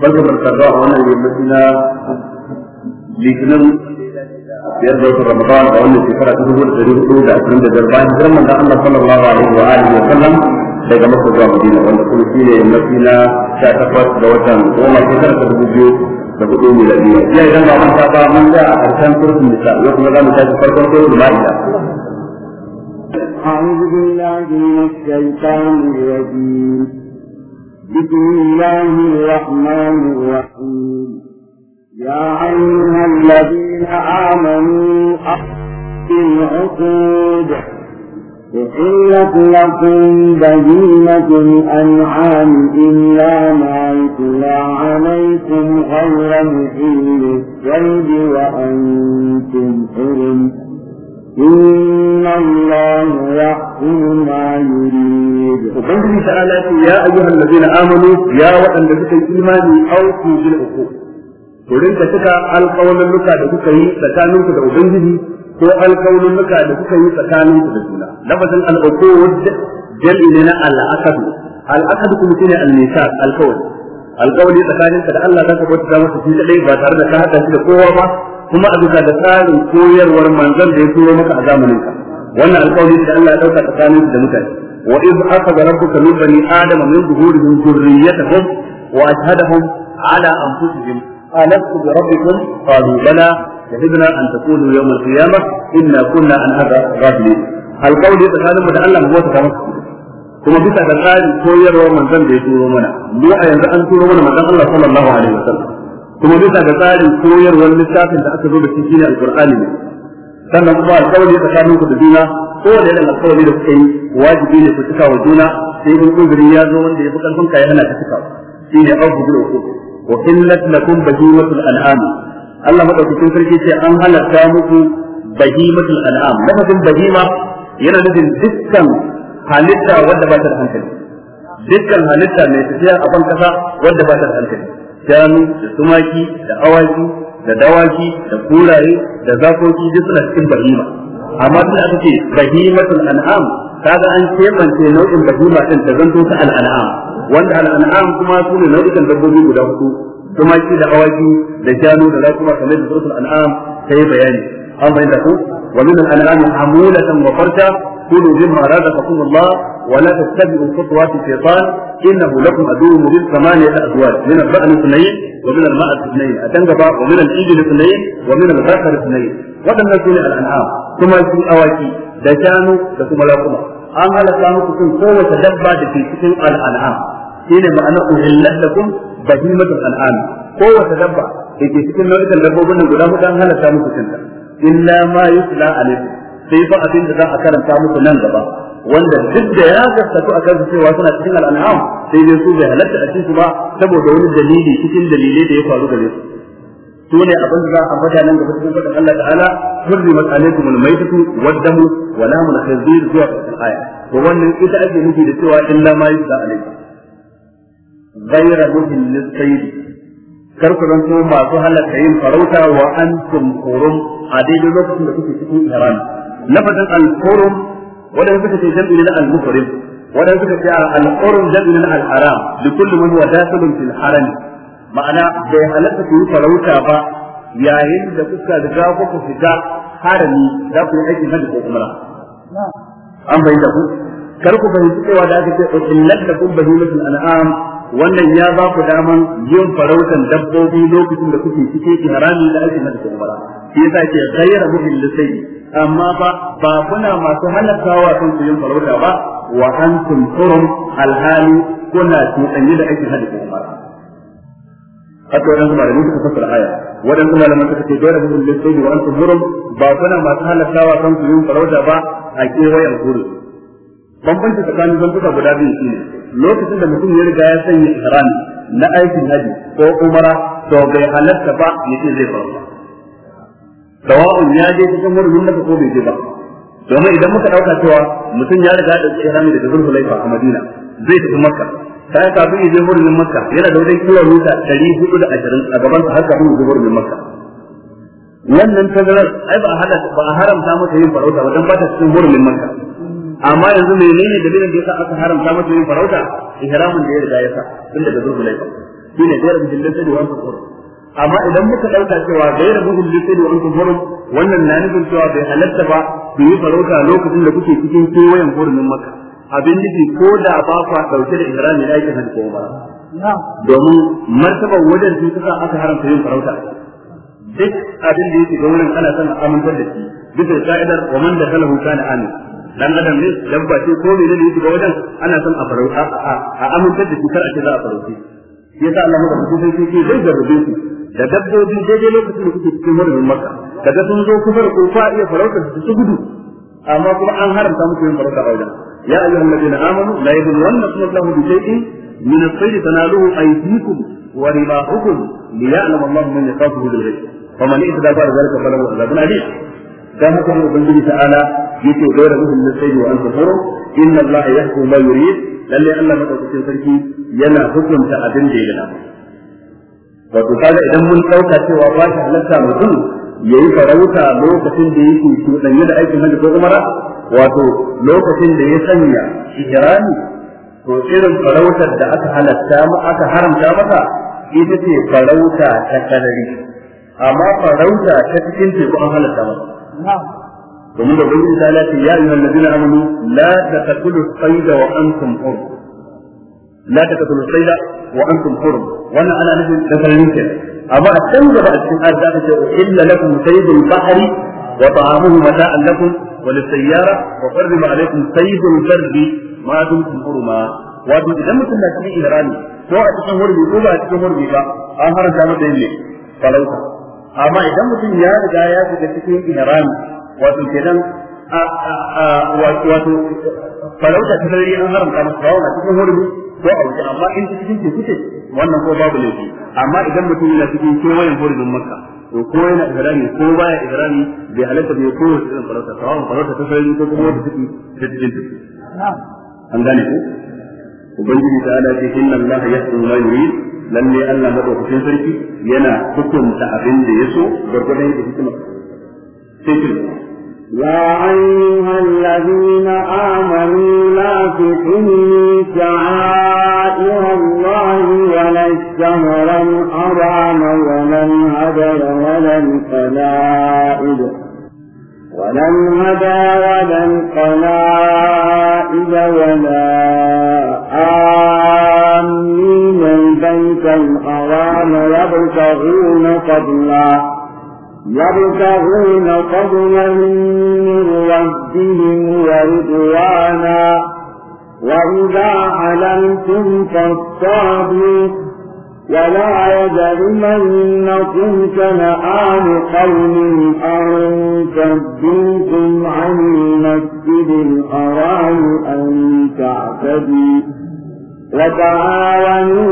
barka barka a wannan yammaci na litinin biyar da wata ramadan a wannan shekara ta dubu da dari hudu da ashirin da biyar bayan girman da Allah sallallahu alaihi wa alihi wa sallam daga masa zuwa madina wanda kuma shi ne yammaci na sha takwas da watan goma shekara ta dubu biyu da hudu miladiya iya idan ba mun ba mun ga a karshen turkin nisa yau kuma za mu tashi farkon surutun ma'ida أعوذ بالله من الشيطان الرجيم بسم الله الرحمن الرحيم يا أيها الذين آمنوا أحسن العقود أحلت لكم بهيمة الأنعام إلا ما يتلى عليكم غير محل الصيد وأنتم حرم إن الله ta'ala ce ya وبنجي تعالى na أيها ya waɗanda suka وأن لك الإيمان أوفوا uku. wurin ka cika alƙawarin da kuka yi tsakaninku da ubangiji ko alƙawarin luka da kuka yi tsakaninku da juna lafazin al'uqud jam'i ne na al'aqd al'aqd kuma shine al-misaq alƙawari alƙawari tsakaninka da Allah zaka bauta masa shi kadai ba tare da ka hada shi da kowa ba kuma a bisa da tsarin koyarwar manzon da ya turo maka a zamanin ka wannan alƙawari da Allah ya dauka tsakanin da mutane wa iz aqada rabbuka min bani adama min zuhurihim dhurriyyatahum wa ashhadahum ala anfusihim alastu bi rabbikum qalu bala shahidna an taqulu yawm al-qiyamah inna kunna an hadha ghafilin alƙawari tsakanin mu da Allah mu wata kamar kuma bisa da tsarin koyarwar manzon da ya turo mana mu a yanzu an turo mana manzon Allah sallallahu alaihi wasallam kuma bisa ga tsarin koyarwar littafin da aka zo da shi shine alqur'ani ne sannan kuma alƙawari tsakanin ku da juna ko da irin alƙawari da kuka yi wajibi ne ku cika wa juna sai in uzuri ya zo wanda ya fi karfin ka yana ka cika shine abu bil uqud wa illat lakum bahimatul an'am Allah madaukakin sarki ce an halatta muku bahimatul an'am lafazin bahima yana nufin dukkan halitta wanda ba ta da hankali dukkan halitta mai tafiya a ban kasa wanda ba ta da hankali shanu da tumaki da awaki da dawaki da kuraye da zakoki duk suna cikin barima amma tun aka ce bahimatul an'am kaga an kebance nau'in bahima din da zanto ta al'an'am wanda al'an'am kuma su ne nau'ikan dabbobi guda hudu tumaki da awaki da shanu da zakuma kamar da suratul an'am ta yi bayani an bayyana ku wa min al'an'am hamulatan wa farta كلوا مما رزقكم الله ولا تتبعوا خطوات الشيطان انه لكم عدو مبين ثمانيه ازواج من البأن اثنين ومن الماء اثنين اتنقبا ومن الإبل اثنين ومن الذكر اثنين وقد نزل الانعام ثم يكون اواكي دجانو لكم لا قمر اما لكانوا تكون قوة دبا في سكن الانعام حينما انا اهلت لكم بهيمة الانعام قوة دبا في سكن نوعية الدبوبين الغلاف كان هلا كانوا تكون إلا ما يتلى عليكم sai ba abin da za a karanta musu nan gaba wanda duk da ya gaskatu akan su cewa suna cikin al'an'am sai dai su bai halatta a cikin su ba saboda wani dalili cikin dalilai da ya faru gare su su ne abin da za a ambata nan gaba cikin faɗin Allah ta'ala hurrimat alaikum al-maytatu wad-damu wa lahmul khinzir zuwa cikin aya to wannan ita ake nufi da cewa illa ma yusa alaikum ghayra muhil lis-sayd kar ku zanto masu halatta yin farauta wa antum hurum a daidai lokacin da kuke cikin ihram lafazin al-hurum wadanda suka ce jam'i na al-muhrim wadanda suka ce al-hurum na al-haram li kulli man huwa ma'ana bai halatta ku farauta ba yayin da kuka riga kuka fita harami za ku yi aikin hajji ko umra an bayyana ku kar ku fahimci cewa da aka ce illat da kun bahimatul an'am wannan ya ba ku daman yin farautan dabbobi lokacin da kuke cike ki da aikin hajji ko umra shi ke amma ba ba kuna masu halatta wa kun yin farauta ba wa antum turum alhali kuna tsanye da aikin ake hada umar haka wadansu malamai suka fasara aya wadansu malamai suka ce dole mun da sai wa antum tsoron, ba kuna masu halatta wa kan yin farauta ba a kewayen gurin bambanci tsakanin zantuka guda biyu shine lokacin da mutum ya riga ya sanya ihrami na aikin haji ko umara to bai halatta ba yace zai farauta sawa'un ya je cikin hurumin da ko bai je ba domin idan muka dauka cewa mutum ya riga da ya harami daga Zulhulaifa a Madina zai tafi Makka sai ka bi je hurumin Makka yana da wajen kilomita 420 a gaban sa har ka bi hurumin Makka wannan tazarar ai ba hada ba haramta mata yin farauta wajen ba ta cikin hurumin Makka amma yanzu menene dalilin da yasa aka haramta mata yin farauta ihramin da ya riga ya sa tun daga Zulhulaifa shine da da sai wannan amma idan muka dauka cewa gairar bugun lisai da wani kuma wannan na nufin cewa bai halatta ba ku yi farauta lokacin da kuke cikin kewayen hurumin maka abin nufi ko da ba ku dauke da ihrami da aikin hajji ba domin martaban wajen su suka aka haramta yin farauta duk abin da yake ga ana son a amintar da shi bisa sa'idar wa man da kalahu kana amin dan adam ne dabba ce ko ne ne yake ga wajen ana son a farauta a amintar da shi kar a ce za a farauta yasa Allah maka kusa sai ce zai garbe shi da dabbobi daidai lokacin da kuke cikin wurin maka daga sun zo kusa da kofa iya farautar su gudu amma kuma an haramta muku yin farauta a wajen ya ayyuhan ladina amanu la yadullannakum Allahu bi shay'in min as-sayd tanaluhu aydikum wa rimahukum liya'lam Allahu man yaqafuhu bil ghaib faman ihtada ba'da dhalika falahu adhabun alim dan haka ne ubangiji ta'ala yake dora mutum na sai wa anta furu inna allaha yahkum ma yurid lalle Allah madaukakin sarki yana hukunta abin da ya wato kaga idan mun dauka cewa ba shi halatta mutum ya yi farauta lokacin da yake cuɗanye da aikin hajji ko umara wato lokacin da ya sanya ihrami to irin farautar da aka halatta aka haramta masa, ita ce farauta ta sarari amma farauta ta cikin teku an halatta masa domin da ubangiji ta ya yi wallazina amanu la taqtulu sayda wa antum hur la taqtulu sayda wa wannan ana nufin da sarari ke amma a can gaba a cikin ayat aka ce illa lakum saydul bahri wa ta'amuhu mata'an lakum wa lisayyara wa qarriba alaykum saydul barri ma dumtum huruma wato idan mutum na cikin ihrami ko a cikin hurbi ko ba a cikin hurbi ba an haranta masa yin ne falauta amma idan mutum ya cikin wato kenan wato falauta ta an haramta masa ba cikin ko a wuce amma in cikin teku ce wannan ko babu laifi amma idan mutum yana cikin kewayen hurumin makka to ko yana ihrami ko baya ihrami bai halatta bai ko wace irin farauta sawa'un farauta ta sarari ko kuma wata ciki ta cikin teku an gane ku ubangiji ta ala ce inna allaha yahkum ma yurid lalle Allah madaukakin sarki yana hukunta abin da ya yaso gargwadon da hikima sai يا أيها الذين آمنوا لا تحلوا شعائر الله ولا الشهر الحرام ولا الهدر ولا القلائد ولا الهدى ولا القلائد ولا آمين البيت الحرام يبتغون فضلا يبتغون فضلا من ربهم ورضوانا وإذا علمتم فاصطادوا ولا يجرمنكم شنآن قوم أن صدوكم عن المسجد الحرام أن تعتدي وتعاونوا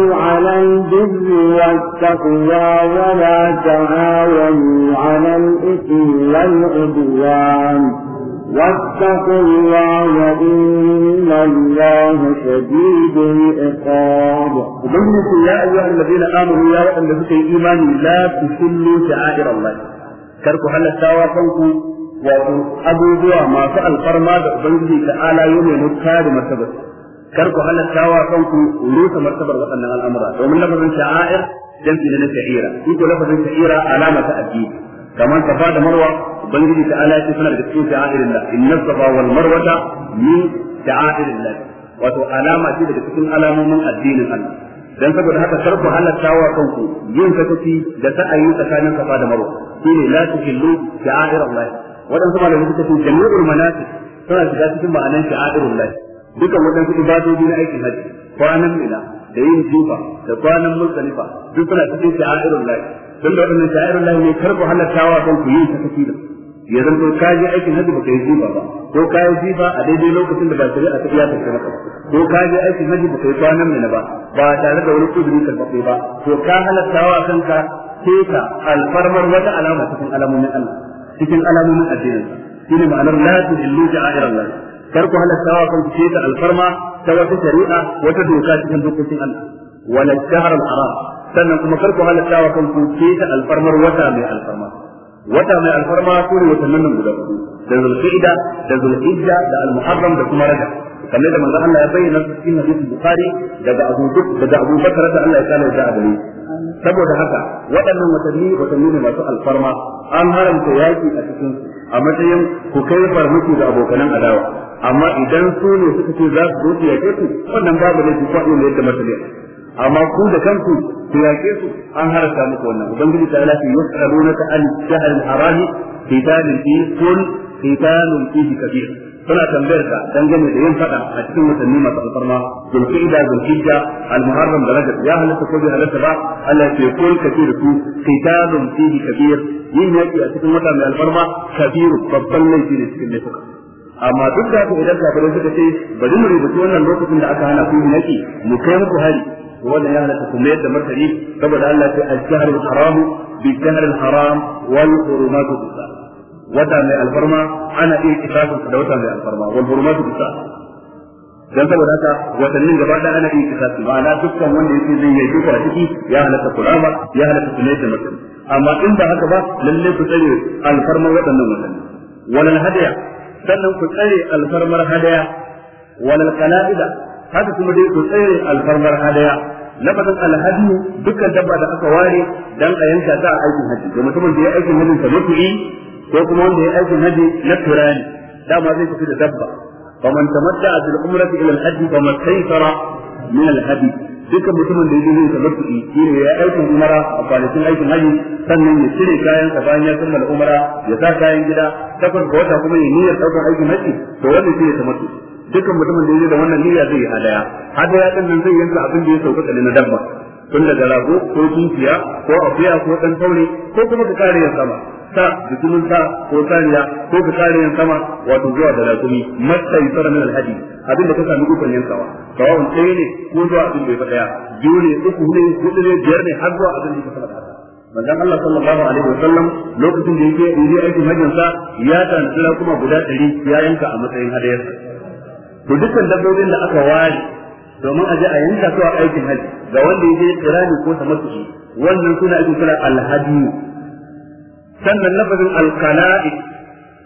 التقوى ولا تعاونوا على الإثم والعدوان واتقوا الله إن الله شديد العقاب ظنكم يا أيها الذين آمنوا يا رب الذين إيمانوا لا تسلوا شعائر الله كركوا هل التوافقوا وأن أبو ما سأل قرما بأبنجي تعالى يوم المتحاد مرتبط كركوا هل التوافقوا لوس مرتبط وأن الأمر ومن لفظ شعائر jam'i na sha'ira shi ko lafazin sha'ira alama ta addini kamar safa da marwa ubangiji ta ala ce suna daga cikin sha'irillah inna safa wal marwata min sha'irillah wato alama ce daga cikin alamomin addinin Allah dan saboda haka kar ku wa kanku yin sakaci da sa'ayi tsakanin safa da marwa shine la tuhillu sha'irallah wadansu malamai suka ce jami'ul manasik suna shiga cikin ma'anar sha'irullah dukan waɗansu ibadoji na aikin hajji kwanan mina da yin jifa da kwanan muzdalifa duk suna cikin sha'airul lahi dan da wannan sha'airul lahi ne karbu halattawa kan ku yi ta kafira ya zanto ka je aikin hajji ka yi jifa ba ko ka yi jifa a daidai lokacin da ba shari'a ta iya tafi maka ko ka je aikin hajji ka yi kwanan ne ba ba tare da wani kudiri karfafe ba to ka halattawa kanka keta alfarmar wata alama cikin alamomin Allah cikin alamomin addinin shine ma'anar la tuhillu ja'irallah kar ku halatta wa kanku ce ta alfarma ta wata shari'a wata doka cikin dokokin Allah wala shahr al-haram sannan kuma kar ku halatta wa kanku ce ta alfarmar wata mai alfarma wata mai alfarma ko ne watannin nan guda uku da zulqa'ida da zulhijja da al-muharram da kuma rajab kamar da manzon Allah ya bayyana cikin hadisi bukhari daga abu daga abu bakar da Allah ya kana da gare saboda haka waɗannan watanni watanni ne masu alfarma an haramta yaƙi a cikin a matsayin ku kai farmaki ga abokanan adawa amma idan su ne suka ce za su zo su wannan babu ne su faɗi ne da matali amma ku da kanku ku yake su an harasa muku wannan ubangiji ta ala fi ta an Jihar al-harami qitalun fi kun qitalun fi kabir suna tambayar ka dangane da yin faɗa a cikin watanni masu alfarma da zulhijja al-muharram da rajab ya halatta ko bai halatta ba Allah ya kun kace da su fi kabir yin yaki a cikin wata mai alfarma kabiru babban laifi ne cikin laifuka amma duk da haka idan kafirai suka ce bari mu rubuta wannan lokacin da aka hana ku yaki mu kai muku hari wannan ya halatta kuma yadda martani saboda Allah ya al al-haram bi shahr al-haram wal hurumatu bisa wata mai alfarma ana iya kitabun da wata mai alfarma wal hurumatu bisa dan saboda haka watannin gaba da ana iya kitabun ma'ana dukkan wanda yake zai yi duka a ciki ya halatta kulama ya halatta kuma yadda martani amma in ba haka ba lalle ku tsare alfarma waɗannan watanni wannan hadiya sannan ku tsare alfarmar hadaya walal qala'ida haka kuma dai ku tsare alfarmar hadaya lafazin alhadiyu dukkan dabba da aka ware dan a yanka ta aikin haji ga mutumin da ya aikin haji ta mutu'i ko kuma wanda ya aikin haji na turani dama zai tafi da dabba faman tamatta bil umrati ila al-hajj famat min al dukkan mutumin da yake yin tamattu'i ne ya aikin umara a kwanakin aikin haji sannan ya cire kayan sa bayan ya kammala umara ya sa kayan gida takwas ga wata kuma ya niyyar daukar aikin haji to wannan ta mutu dukkan mutumin da yake da wannan niyya zai yi hadaya hadaya din zai yanka abin da ya sauka na dabba tun daga rago ko tunkiya ko akuya ko dan taure ko kuma ka kare yan sama sa bikinin sa ko saniya ko ka kare yan sama wato zuwa da rakumi matta yusara min alhaji abin da ka sami gukan yan sawa sawa'un ɗaya ne ko zuwa abin bai faɗaya biyu ne uku ne hudu ne biyar ne har zuwa abin da ka sama haka manzon Allah sallallahu alaihi wasallam lokacin da yake yi aikin hajjin sa ya tantara kuma guda 100 ya yanka a matsayin hadayarsa to dukkan dabbobin da aka ware domin a je a yanka su a aikin haji ga wanda ya je kirani ko tamattu'i wannan suna ake kira alhaji sannan lafazin alqala'i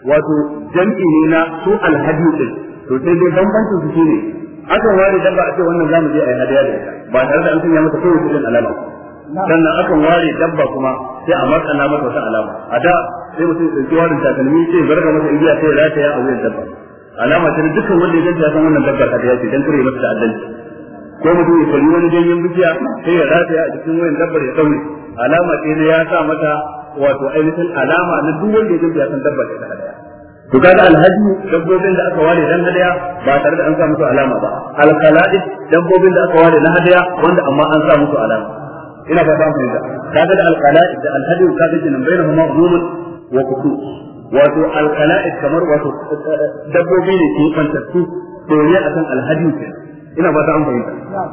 wato jam'i ne na su alhaji din to sai dai bambancin su shine aka ware dabba a ce wannan zamu je a yi hadiya da ita ba tare da an sanya mata kowace irin alama sannan akan ware dabba kuma sai a makana mata wata alama a da sai mutum ya ɗauki warin takalmi sai ya barka masa igiya sai ya rataya a wuyan dabba alama ce dukkan wanda ya ya san wannan dabba ta ya ce don kare masa ta'addanci ko mutum ya kalli wani ganyen bishiya sai ya rataya a cikin wayan dabbar ya daure alama ce ne ya sa mata wato ainihin alama na duk wanda ya ganta ya san dabbar ya hadaya to kaga alhaji dabbobin da aka ware dan hadaya ba tare da an sa musu alama ba alqalaid dabbobin da aka ware na hadaya wanda amma an sa musu alama ina ba ta fahimta kaga da alqalaid da alhaji kaga kinan bainahuma umumun wa khusus wato alqalaid kamar wato eh, eh, dabbobi ne ke fantattu doriya akan alhaji kenan ina ba ta an fahimta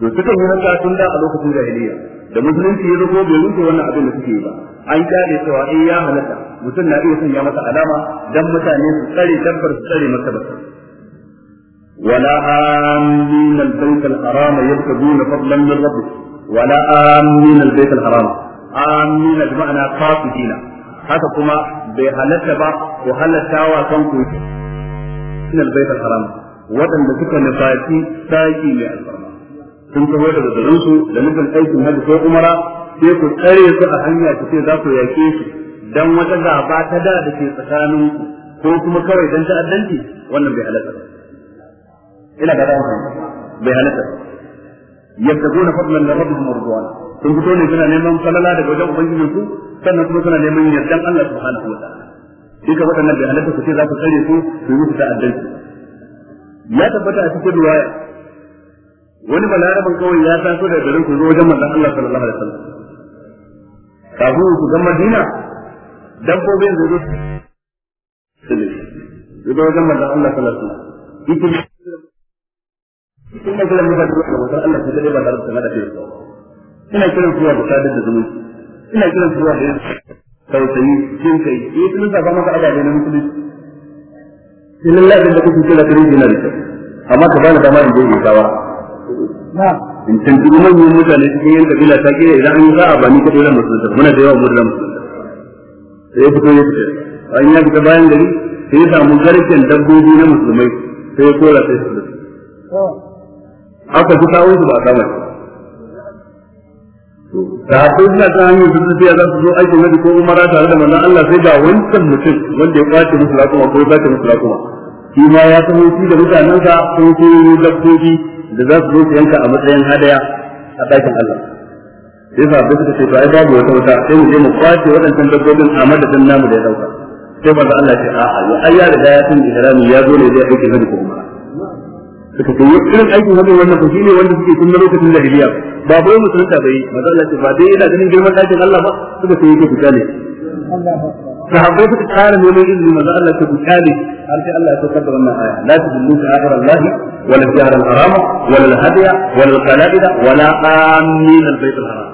to sukan yi haka tun da a lokacin jahiliya da musulunci ya zo bai wuce wannan abin da suke yi ba an kyale cewa in eh, ya halatta mutum na iya sanya masa alama dan mutane su tsare dabbar su tsare martabarsa ولا آمين البيت الحرام يبتغون فضلا من ربهم ولا آمين البيت الحرام آمين بمعنى قاصدين haka kuma bai halarta ba ku halatta wa kanku min waɗanda suka nufaci saki mai alfarma sun taho da garin su da nufin aikin hajji ko umara sai ku tsare su a hanya ku ce za ku yaƙe shi dan wata gaba ta da da ke tsakanin ku ko kuma kawai dan ta'addanci wannan bai halatta ina ga dawo bai halatta yabtaguna fadlan min rabbihim ridwana sun fito ne suna neman falala daga wajen ubangijin su sannan kuma suna neman yardan Allah subhanahu wa ta'ala duka waɗannan bai halatta ku ce za ku tsare su su yi musu ta'addanci ya tabbata a cikin riwaya wani balaraban kawai ya taso daga garin ku wajen manzon Allah sallallahu alaihi wasallam kafin ku ga Madina dabbobin zai zo su zo wajen manzon Allah sallallahu alaihi wasallam ina da wata Allah da da da ina kiran da kai na sai lallai abin da kuke kira kare yana da kyau amma ka bani dama in je in kawa in tantance yi mutane cikin yan kabila ta kira idan an za a ba ni kaɗai na musulunta muna da yawa mu da musulunta sai ya fito ya fita an ya fita bayan gari sai ta samu garken dabbobi na musulmai sai ya kora sai su aka fi kawo su ba a kama da ko ina ta hanyar da su za su zo aikin hajji ko umara tare da manzon Allah sai ga wancan mutum wanda ya kwace musu rakuma ko ya kwace musu rakuma shi ma ya san shi da mutanensa ko ko dabbobi da za su zo su yanka a matsayin hadaya a ɗakin Allah sai ba ba suka ce ba ai babu wata wata sai mu je mu kwace waɗancan dabbobin a madadin namu da ya dauka sai manzon Allah ya ce a'a ya ayya da ya da ihrami ya zo ne zai aikin hajji ko umara suka ce irin aikin hajji wannan ku shine wanda suke tun lokacin jahiliya ba bai musulunta bai manzo Allah ce ba dai yana ganin girman aikin Allah ba suka ce yake fitale sahabbai suka tsara neman izini manzo Allah ce fitale har sai Allah ya saukar da wannan aya la tudillu sha'ir Allah wala shahr al-haram wala al-hadiya wala al-qala'ida wala amin al-bayt al-haram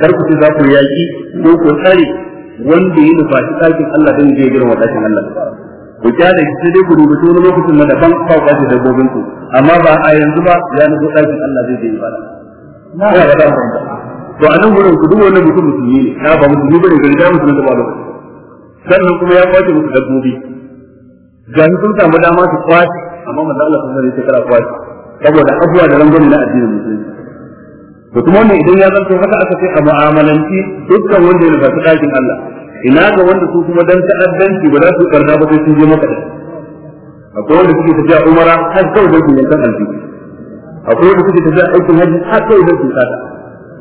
kar ku za ku yaki ko ku tsare wanda ya nufa ɗakin Allah din zai girma ɗakin Allah ku da ki sai dai ku rubuta wani lokacin na daban ba ku kace dabbobin ku amma ba a yanzu ba ya nufo ɗakin Allah zai yi ibada na ga da to a nan gurin ku duk wannan mutum musulmi ne na ba musulmi bane ga da musulmi da ba lokaci sannan kuma ya kwace musu dabbobi ga sun samu dama su kwace amma manzo Allah sun zai kara kwace saboda abuwa da rangwame na addinin musulmi to kuma wannan idan ya zanto haka aka sai a mu'amalanci dukkan wanda ya nufa ɗakin Allah ina ga wanda su kuma dan ta'addanci ba za su karna ba sai sun je maka akwai wanda suke tafiya umara har kawai da su yankan aljihu akwai wanda suke tafiya aikin hajji har kawai da su sata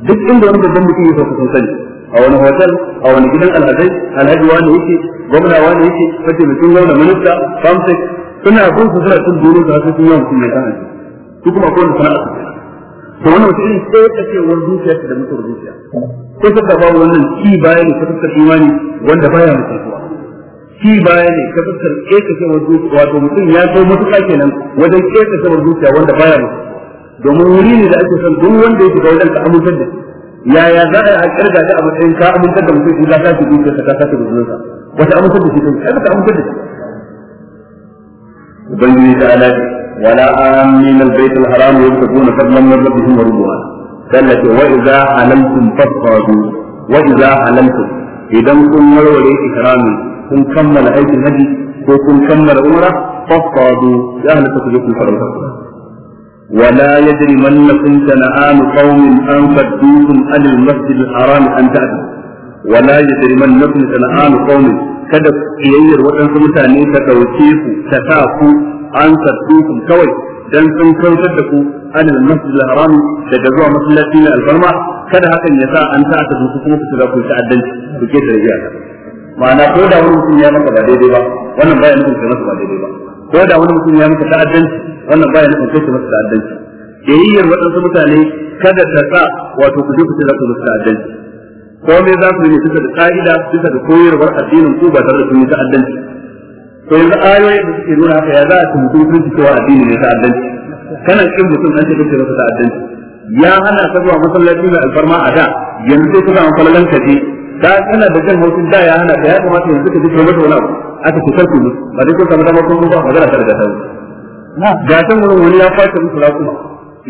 duk inda wani babban mutum ya sauka sun sani a wani hotel a wani gidan alhazai alhaji wani yake gwamna wani yake kace mutum gwamna minista famsek suna bin su suna cin dole su har sun yawan sun yankan aljihu su kuma akwai wanda sana'a to wannan wata irin sai ta ce wani zuciya da mutuwar zuciya ko ta da babu wannan ci baya ne ta fuskar imani wanda baya mutuwa ci baya ne ta fuskar kekacewar zuciya wato mutum ya zo matuƙa kenan wajen kekacewar zuciya wanda baya mutuwa domin wuri ne da ake son duk wanda ya shiga wajen ka amintar da yaya za a kirga da a matsayin ka amintar da mutum in ka sace zuciyarsa ka sace zuciyarsa wata amintar da shi kai ka amintar da shi ubangiji ta alaƙa ولا آمين البيت الحرام يبتغون فضلا من ربهم وربها قال وإذا علمتم فاصطادوا وإذا علمتم إذا كن مروا إحرامي كن كمل أيدي الهدي وكن كمل أمرا فاصطادوا يا أهل تخرجكم فرضا ولا يجرمنكم شنآن قوم أن صدوكم عن المسجد الحرام أن تأتوا ولا يجرمنكم شنآن قوم kada kiyayyar waɗansu mutane ta ɗauke an sattukum kawai dan sun kautar da ku anil masjid al-haram daga zuwa masallaci na alfarma kada hakan ya sa an ta aka zuku kuma ku shiga ku ta'addanci ku ke da riya ma'ana ko da wani mutum ya maka ba daidai ba wannan baya nufin kai masa ba daidai ba ko da wani mutum ya maka ta'addanci wannan baya nufin kai masa ta'addanci kiyayyar waɗansu mutane kada ta sa wato ku je ku shiga ku masa ta'addanci ko me za ku yi bisa da ka'ida bisa da koyarwar addinin ku ba tare da kun yi ta'addanci to yanzu ayoyin da suke nuna haka ya za a tuntu mutunci cewa addini ne ta'addanci kana cikin mutum an ce kace masa ta'addanci ya hana ka zuwa masallaci mai alfarma a da yanzu sai ka samu falalan ka je da kana da jin hausin da ya hana ka ya kamata yanzu ka je ka masa wani abu aka ce karku musu ba dai ko ka mata ba ko ba a ta daga tawo ga san wurin wani ya kwace musu rakuma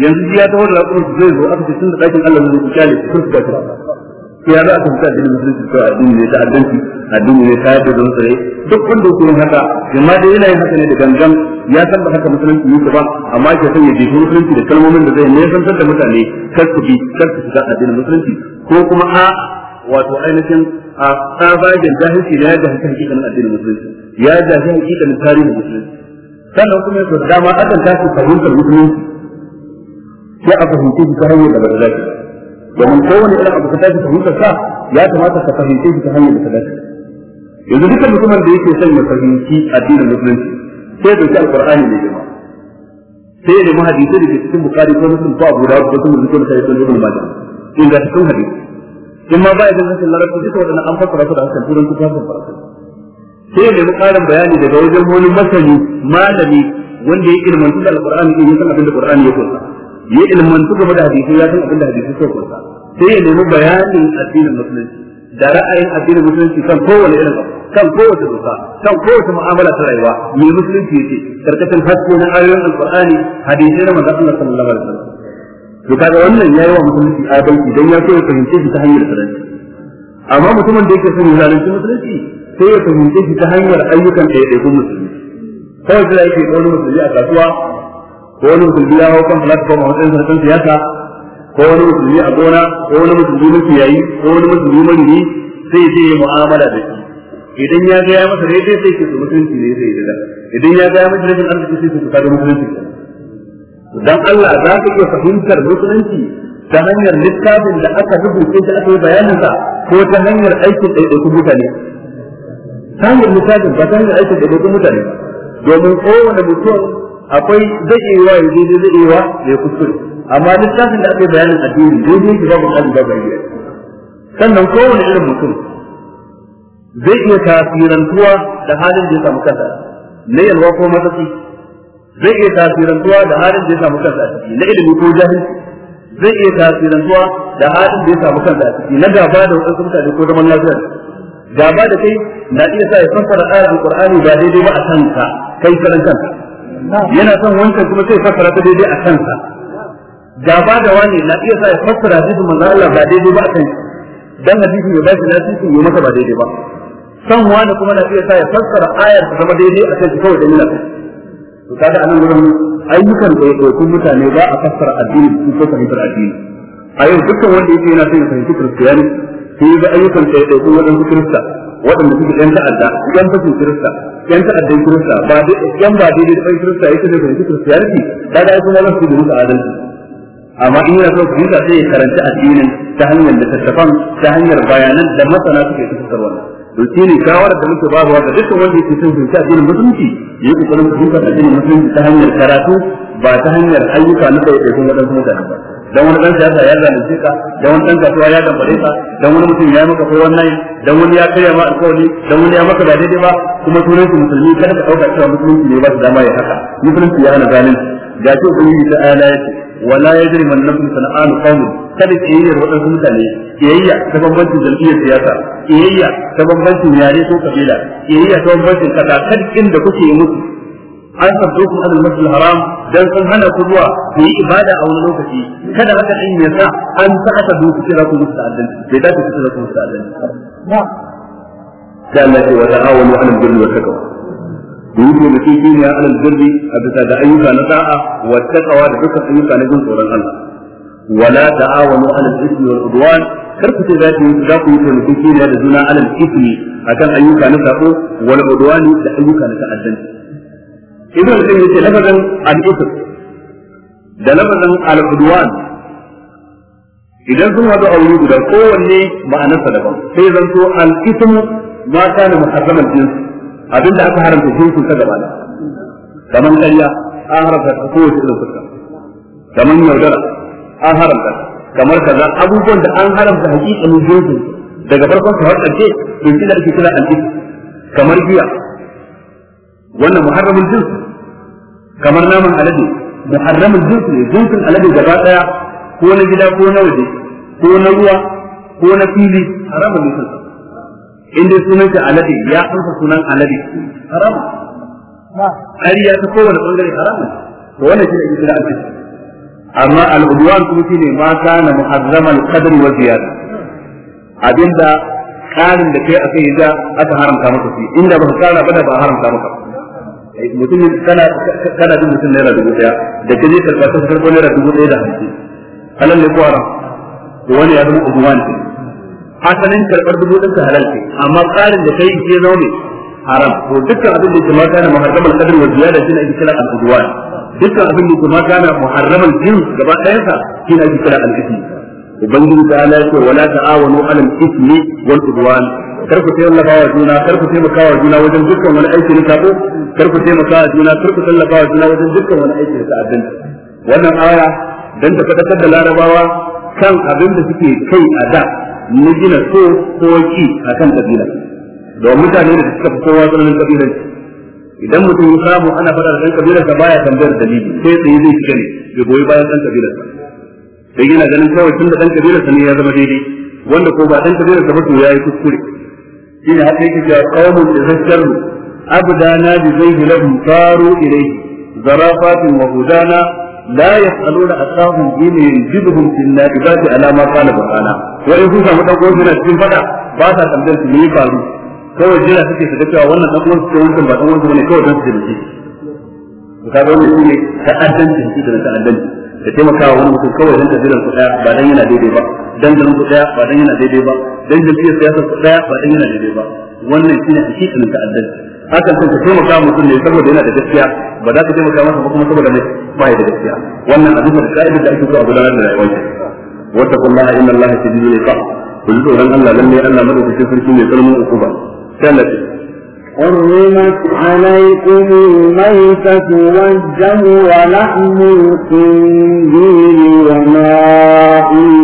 yanzu ya taho da su zai zo aka ce tun da dakin Allah ne ku kyale ku kurkuta ya za a fahimta addinin musulunci ko addini ne ta addanci addini ne ta yadda don tsare duk wanda yake yin haka amma dai yana yin haka ne da gangan ya san ba haka musulunci yake ba amma ke son ya jefi musulunci da kalmomin da zai ne san da mutane kar ku bi kar ku shiga addinin musulunci ko kuma a wato ainihin a tsabagen jahilci da ya jahilci hakikanin addinin musulunci ya jahilci hakikanin tarihin musulunci sannan kuma ya dama akan tashi fahimtar musulunci sai a fahimci ta hanyar da ba ta ba domin kowane irin abu ka tashi fahimtar sa ya kamata ka fahimce shi ta hanyar da ta dace yanzu dukkan mutumin da yake son ya fahimci addinin musulunci sai da shi alqur'ani ne girma sai ya nemi hadisi da ke cikin bukari ko muslim ko abu dawud ko kuma zuwa da sai ibn majah in ga cikin hadisi in ma ba ya da rashin larabci duka wadannan an fassara su da hakan turan ku kafin farko sai ya nemi karin bayani daga wajen wani masani malami wanda ya ilmantu da alqur'ani din ya san abin da qur'ani ya kunsa ya ilmantu game da hadisi ya san abin da hadisi so kusa sai ya nemi bayanin addinin musulunci da ra'ayin addinin musulunci kan kowane irin abu kan kowace doka kan kowace mu'amala ta rayuwa me musulunci yake karkashin haske na ayoyin alqur'ani hadisi na manzon Allah sallallahu alaihi wasallam to kaga wannan yayi wa musulunci adon, idan ya so ya fahimce shi ta hanyar karanta amma mutumin da yake son ya zalunci musulunci sai ya fahimce shi ta hanyar ayyukan ɗaiɗaikun musulunci, kawai sai yake wani musulmi a kasuwa ko wani musulmi ya hau kan platform a wani matsayin sanatan siyasa ko wani musulmi a gona ko wani musulmi makiyayi ko wani musulmi manini sai sai ya mu'amala da shi idan ya ga ya masa daidai sai sai ke musulunci ne zai yi da idan ya ga ya masa daidai arziki sai ke kaga musulunci dan Allah za ka iya fahimtar musulunci ta hanyar littafin da aka rubuce da aka yi bayanin ko ta hanyar aikin ɗaiɗaikun mutane ta hanyar littafin ba ta hanyar aikin ɗaiɗaikun mutane domin kowane mutum akwai zai ya daidai zai iya ya kuskure amma littafin da aka yi bayanin addini daidai shi babu kan da bayyana sannan kowane irin mutum zai iya tasirantuwa da halin da ya samu kansa na yalwa ko matsatsi zai iya tasirantuwa da halin da ya samu kansa a ciki na ilimi ko jahilci zai iya tasirantuwa da halin da ya samu kansa a ciki na gaba da wasu mutane ko zaman lafiya gaba da kai na iya sa ya san fara ayar alqur'ani ba daidai ba a kanka kai karan kanka yana son wancan kuma sai fassara ta daidai a kansa gaba da wani na iya sa ya fassara hadisin manzo Allah ba daidai ba a kansa dan hadisin ya na cikin ya masa ba daidai ba san wani kuma na iya sa ya fassara ayar ta zama daidai a kansa kawai da nuna to kaga anan gurin ayyukan da kun mutane ba a fassara addini su ko fahimtar addini a yau dukkan wanda yake yana son ya fahimci kristiyani sai ga ayyukan da ya ɗauki waɗansu kirista waɗanda suke ɗan ta'adda ba fasin kirista yan ta'addan kirista ba dai yan ba dai dai kirista yake da bai kristiyanci da da kuma za su musu adalci amma in yana so kirista sai ya karanta addinin ta hanyar littattafan ta hanyar bayanan da masana suke tafsir wannan to shi ne shawarar da muke babuwa ga dukkan wanda yake son kirista addinin musulunci yayi kokarin fahimtar addinin musulunci ta hanyar karatu ba ta hanyar ayyuka na kai kai kun wadansu mutane ba dan wani dan siyasa ya zalunce ka dan wani dan kasuwa ya gambare ka dan wani mutum ya maka ko nan dan wani ya kai ma alƙawari dan wani ya maka ba daidai ba kuma sunan su musulmi kada ka dauka cewa musulunci ne ba su dama ya haka musulunci ya hana zalin ga ce yi ta ayala yake wala yajri man yusana an qawm kada kiyayyar wadansu mutane kiyayya ta bambancin jam'iyyar siyasa kiyayya ta bambancin yare ko kabila kiyayya ta bambancin kada kan da kuke musu an sabdoku an al-masjid haram dan sun hana ku zuwa ku yi ibada a wani lokaci kada haka din ya sa an sa aka doku kira ku musu ta'addan bai da ku kira ku musu ta'addan ba da Allah ya wada awanu an al-birri wa taqwa ku yi taimaki duniya an al-birri a bisa da ayyuka na da'a wa taqwa da dukkan ayyuka na jin tsoron Allah ولا تعاونوا على الاثم والعدوان karku ce za ku yi za ku yi taimakon kiriya da juna alal ismi akan ayyuka na sako wal udwani da ayyuka na ta'addanci Idan sun yi lafazan al-ithm da lafazan al-udwan idan sun hadu a wuri guda kowanne ma'anarsa daban sai zanto al-ithm ma kana muharraman jins abinda aka haramta jinsin ta gaba kaman ƙarya an haramta ta kowace irin fuska man yaudara an haramta kamar kaza abubuwan da an haramta hakikanin jinsin daga farkon su har ƙarshe to shi da ake kira al kamar giya wannan muharramin jins kamar naman alade muharramin jins ne jinsin alade gaba daya ko na gida ko na waje ko na ruwa ko na fili haramun ne kansa inda sunan shi alade ya amsa sunan alade haram ya ta kowane bangare haramun to wannan shi ne ita da alade amma al'udwan kuma shine ma kana muharramal qadri wa ziyada abinda karin da kai akai da aka haramta maka shi inda ba ka kara ba da ba haramta maka mutumin kana kana bin mutum naira dubu daya da kaje karba ta karbo naira dubu daya da hamsin halal ne ko haram to wani ya zama ubuwan ne asalin karbar dubu din ka halal ne amma karin da kai ke zaune haram to dukkan abin da ke ma kana muharramal qadar wa da shi ne kira al-udwan dukkan abin da ke ma kana muharramal jins gaba ɗayan sa shi ne kira al-ithmi ubangiji ta ala ce wala ta'awanu alal ismi wal ubuwan. kar ku tallafa wa juna kar ku taimaka wa juna wajen dukkan wani aiki na sako kar ku taimaka wa juna kar ku tallafa wa juna wajen dukkan wani aiki na ta'addanci wannan aya dan ta fadakar da larabawa kan abin da suke kai a da ni gina so ko ki akan kabila don mutane da suka fi kowa tsananin kabilanci idan mutum ya samu ana fada da ɗan kabilarsa baya tambayar dalili sai tsaye zai shiga ne bai goyi bayan ɗan kabilarsa sai yana ganin kawai tun da dan ɗan sa ne ya zama daidai wanda ko ba ɗan kabilarsa ba to ya yi kuskure shi ne haka yake cewa qaumun tazakkaru abdana bi zayhi lahum faru ilayhi zarafatin wa hudana la yas'aluna asahum in yajibuhum fil naqibati ala ma qala bana wa in kun samu dauko na cikin fada ba sa tambayar su yi faru kawai jira suke su ga cewa wannan dan uwan su wancan ba dan uwan su bane kawai dan su ji ka ga wannan shine ta'addanci shi da ta'addanci da taimakawa wani mutum kawai dan tajiran su daya ba dan yana daidai ba dan garin ku daya ba dan yana daidai ba dan jam'iyyar siyasar ku daya ba dan yana daidai ba wannan shine hakikanin ta'addanci hakan sun ka taimaka mutum ne saboda yana da gaskiya ba za ka taimaka masa ba kuma saboda mai ba da gaskiya wannan abin da ka'idar da ake so a gudanar da rayuwar wata kullaha inna allaha shadidul iqab kun tsoron Allah lalle Allah madaukakin sarki ne tsarmin ukuba sai Allah حرمت عليكم الميتة والدم ولحم الخنزير وما أهل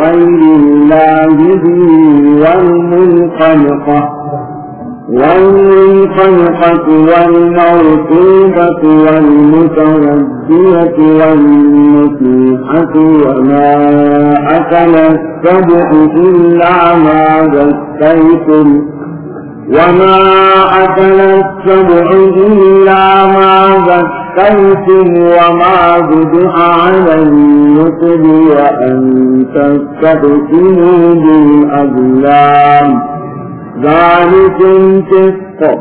غير الله به والمنقلقة والمنقلقة والموقوفة والمتردية والنصيحة وما أكل السبع إلا ما ذكيتم وما أكل السبع إلا ما ذكيتم استيتم وما ذبح على النصب وأن تستبتموا بالأزلام ذلكم فسق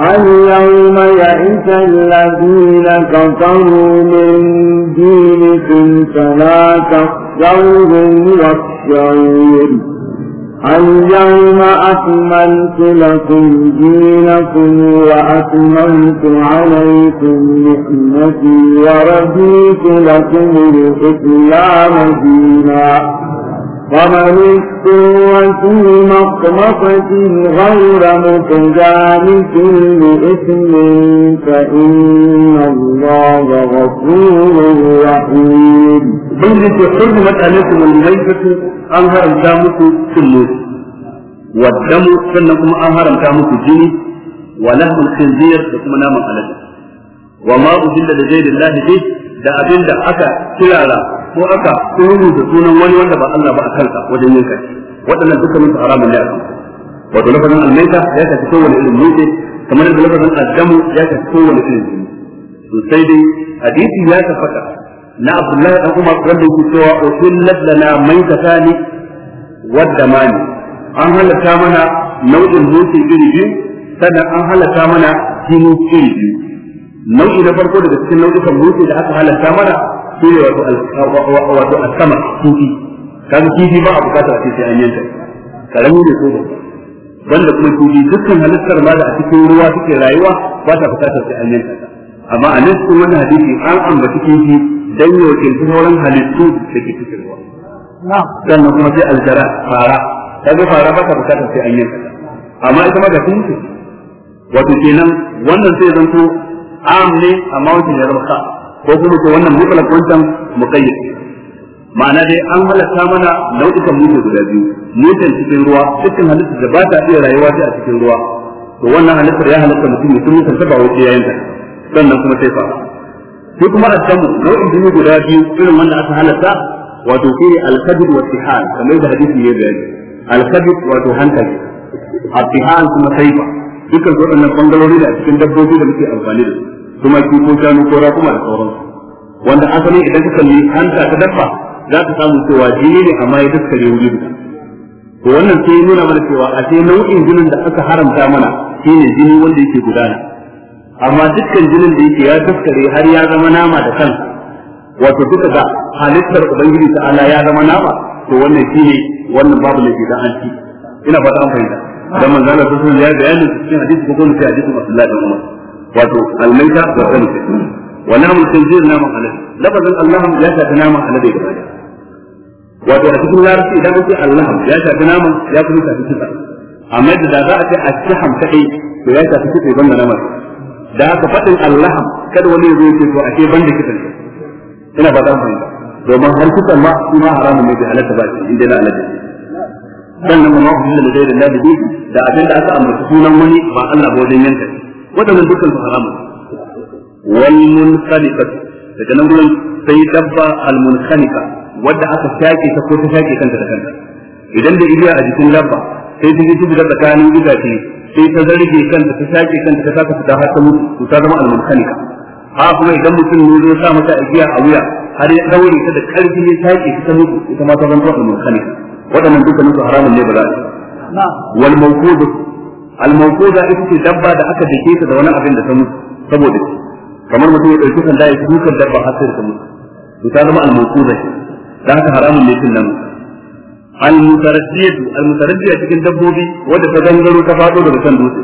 اليوم يئس الذين كفروا من دينكم فلا تخشوهم واخشوني اليوم أكملت لكم دينكم وأتممت عليكم نعمتي ورضيت لكم الإسلام دينا فمن اضطر في مخمصة غير متجانف لإثم فإن الله غفور رحيم. بلد حرمت عليكم الميتة أنها أنتامك سموك والدم سنكم أنها أنتامك جيني ولحم الخنزير لكم نام عليكم وما أجل لغير الله به da abin da aka kirara ko aka tsoro da sunan wani wanda ba Allah ba a kanka wajen yin yanka waɗannan dukkanin su haramun ne a kan wato lafazin almaita ya shafi kowane irin mutum kamar da lafazin addamu ya shafi kowane irin jini to sai dai hadisi ya tafaka na Abdullahi dan Umar radiyallahu anhu cewa uhillat lana maitatani wa damani an halatta mana nau'in mutum iri biyu sannan an halatta mana jini iri biyu nau'i na farko daga cikin nau'ikan mutum da aka halatta mana shi wato wato sama kifi kaga kifi ba a bukatar a ce sai an yanka karami ne ko banda kuma kifi dukkan halittar ma da a cikin ruwa suke rayuwa ba ta bukatar sai an yanka amma a nan cikin wannan hadisi an ambaci kifi dan ya wakilci sauran halittu da ke cikin ruwa sannan kuma sai aljara fara kaga fara ba ta bukatar sai an yanka amma ita ma da kuma wato kenan wannan sai zanto am ne amma wancan ya zama ko kuma ce wannan mutlaq wancan muqayyad ma'ana dai an halatta mana nau'ikan mutu guda biyu mutan cikin ruwa cikin halitta da ba ta iya rayuwa ta a cikin ruwa to wannan halittar ya halatta mutum ya tun mutan taba wuce yayin ta sannan kuma sai fa sai kuma a samu nau'in jini guda biyu irin wanda aka halatta wato shi ne alkabid wa tihal kamar da hadisi ya bayani alkabid wato hankali a tihal kuma saifa dukkan waɗannan bangalori da a cikin dabbobi da muke amfani da su tumaki ko shanu ko kuma da sauransu wanda asali idan kuka yi hanta ta dafa, za ka samu cewa jini ne amma ya daskare wuri guda to wannan sai ya nuna mana cewa a sai nau'in jinin da aka haramta mana shine jini wanda yake gudana amma dukkan jinin da yake ya daskare har ya zama nama da kan, wato duka da halittar ubangiji ta ala ya zama nama to wannan shine wannan babu laifi da an ci ina fata an fahimta dan manzo Allah sallallahu alaihi wasallam ya bayani cikin hadisi ko kuma cikin hadisi Abdullah bin Umar wato almaita da sani wa namun tanzir namun alade lafazin allahum ya shafi namun alade gaba daya wato a cikin larabci idan an ce allahum ya shafi namun ya kuma shafi kisa amma da za a ce a shaham kadai to ya shafi kisa ban da namun da haka faɗin allahum kada wani ya zo ya ce to a ce ban da kisa ina ba da mu fahimta domin har kisan ma kuma haramun ne bai halatta ba shi inda na alade sannan ma ma hudu da zai da da abin da aka ambaci sunan wani ba Allah ba wajen yanka shi waɗannan dukkan su haramu wal munkhaliqa daga nan gurin sai dabba al munkhaliqa wadda aka shaƙe ta ko ta shaƙe kanta da kanta idan da igiya a jikin dabba sai ta ji da tsakanin gidaje sai ta zarge kanta ta shaƙe kanta ta saka fita har ta mutu to ta zama al munkhaliqa a kuma idan mutum ne zai sa mata igiya a wuya har ya daure ta da karfi ya shaƙe ta ta mutu ita ma ta zama al munkhaliqa waɗannan dukkan su haramun ne ba za a wal mawqudatu almauquza ita ce dabba da aka dake ta da wani abin da ta mutu saboda shi kamar mutum ya dauki sanda ya duka dabba har sai ta mutu to ta zama almauquza ce dan haka haramun ne cin namu almutaraddiyatu almutaraddiya cikin dabbobi wanda ta gangaro ta fado daga kan dutse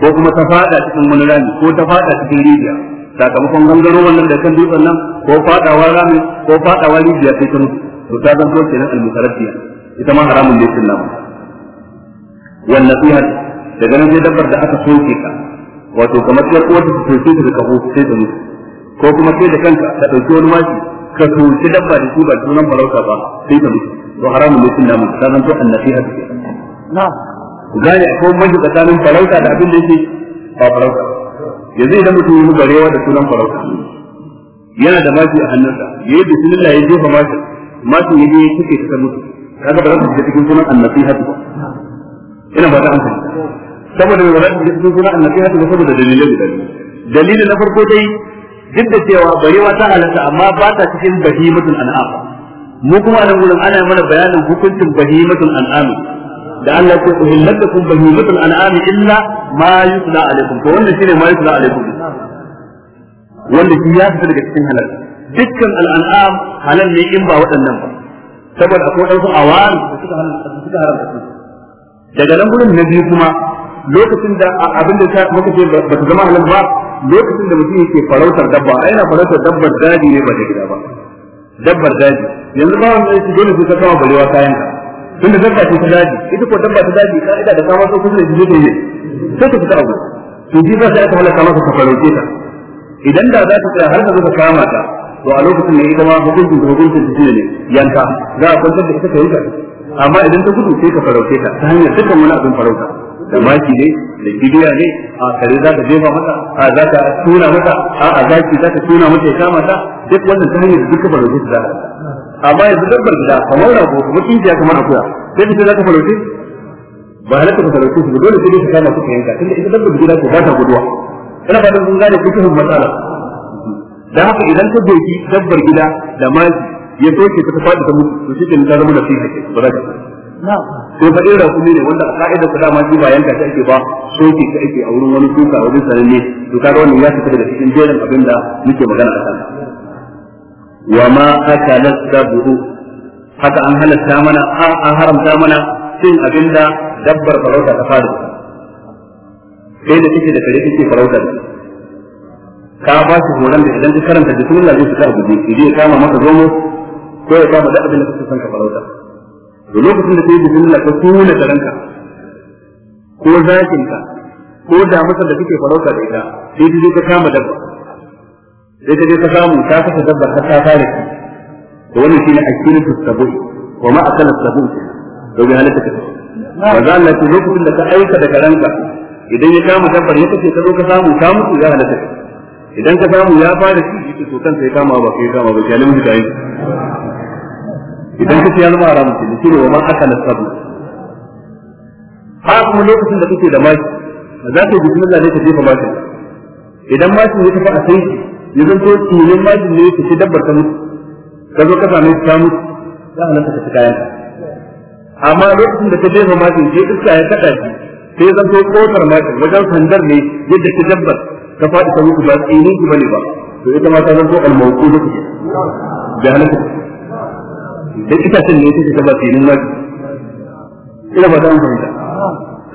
ko kuma ta fada cikin wani rami ko ta fada cikin rijiya sakamakon gangaro wannan da kan dutsen nan ko fadawa rami ko fadawa rijiya sai ta mutu to ta zanto kenan almutaraddiya ita ma haramun ne cin namu wannan nasiha daga nan dai dabbar da aka soke ka wato kamar sai ko wata soke ka ka sai da mutu ko kuma sai da kanka ka dauki wani maki ka soke dabba da shi ba sunan farauta ba sai ta mutu to haramun ne cin namu ta zan to annasiha take na gane ko da tsakanin farauta da abin da yake ba farauta yanzu idan mutum ya barewa da sunan farauta yana da maki a hannunsa yayi bismillah ya jefa mafi ya yaje ya kike ta mutu kaga ba za ta cikin sunan annasiha ba ina ba ta amfani saboda mai wadatu da cikin suna annabi haka saboda dalilai guda biyu dalili na farko dai duk da cewa barewa ta halatta amma ba ta cikin bahimatul an'am mu kuma nan gurin ana mana bayanin hukuncin bahimatul an'am da Allah ya ce uhillat lakum bahimatul an'am illa ma yusla alaikum to wannan shine ma yusla alaikum wanda shi ya fita daga cikin halal dukkan al'an'am halal ne in ba waɗannan ba saboda akwai wasu awari da suka haramta su daga nan gurin na biyu kuma lokacin da abin da ta muka ce ba ta zama halin ba lokacin da mutum yake farautar dabba ai na farautar dabbar daji ne ba da gida ba dabbar daji yanzu ba wanda yake dole sai ka kawo balewa kayan ka tunda dabba ce ta daji ita ko dabba ta daji ka'ida da kama sosai da ta ne sai ka fita abu to ji ba ta aka halaka maka ka farauce ta idan da za ta tsaya har ka zo ka kama ta to a lokacin ne ita ma hukuncin da hukuncin ta ne yanka za a kwantar da ita ka yanka amma idan ta gudu sai ka farauce ta ta hanyar dukkan wani abin farauta da maki ne da kibiya ne a kare za ka jefa mata a za ka tuna mata a a zaki za ka tuna mata ya kama ta duk wannan ta hanyar duka farauti su da, amma yanzu dabbar da kamar rago kuma kinkiya kamar akuya sai da za ka farauti ba halatta ka farauti su dole sai ka kama su ka yanka tunda ita dabbar gida ce ba ta guduwa kana ba dan gane kusurin matsala da haka idan ka doki dabbar gida da maki ya soke ta ta faɗi ta mutu to shi ke ta zama nasiha ke ba za ka na'am ko fa in rakumi ne wanda a ka'ida ku dama shi ba yanka shi ake ba soke shi ake a wurin wani kuka a wurin sananne to kaga wannan ya fita daga cikin jerin abin da muke magana a kansa wa ma akalat dabu haka an halatta mana an haramta mana cin abinda dabbar farauta ta fara sai da take da kare take farauta ka ba shi horon da idan ka karanta bismillah zai fita a guje shi zai kama maka zomo ko ya kama da abin da kake son ka farauta da lokacin da kai bismillah ka tuna karanka ko zakin ka ko da masar da kake farauta da ita sai ta je ka kama dabba sai ta je ka samu ta kasa dabba har ta fara ki to wannan shine akilatu sabu wa ma akala sabu to bi halaka ta ba za Allah ce lokacin da ka aika da garanka idan ya kama dabbar ya kace ka zo ka samu ta mutu ya halaka idan ka samu ya fara ki to kan sai kama ba kai kama ba kai lamu da yi idan ka ce ya zama haramun ke shi ne wa man aka nasabu ha kuma lokacin da kake da maki za ka yi bismillah ne ka jefa maki idan maki ne ka fa a sai shi ya zan to tunin maki ne ka ce dabbar ta mutu ka zo ka same ta mutu za a nasa ka ci kayan amma lokacin da ka jefa maki sai iska ya kada shi sai ya to kotar maki wajen sandar ne yadda ta dabbar ka faɗi ta mutu ba tsinin ki bane ba to ita ma ta zanto al-mawqu da da halaka da itacen ne yake ta ba filin maki ina ba dan fahimta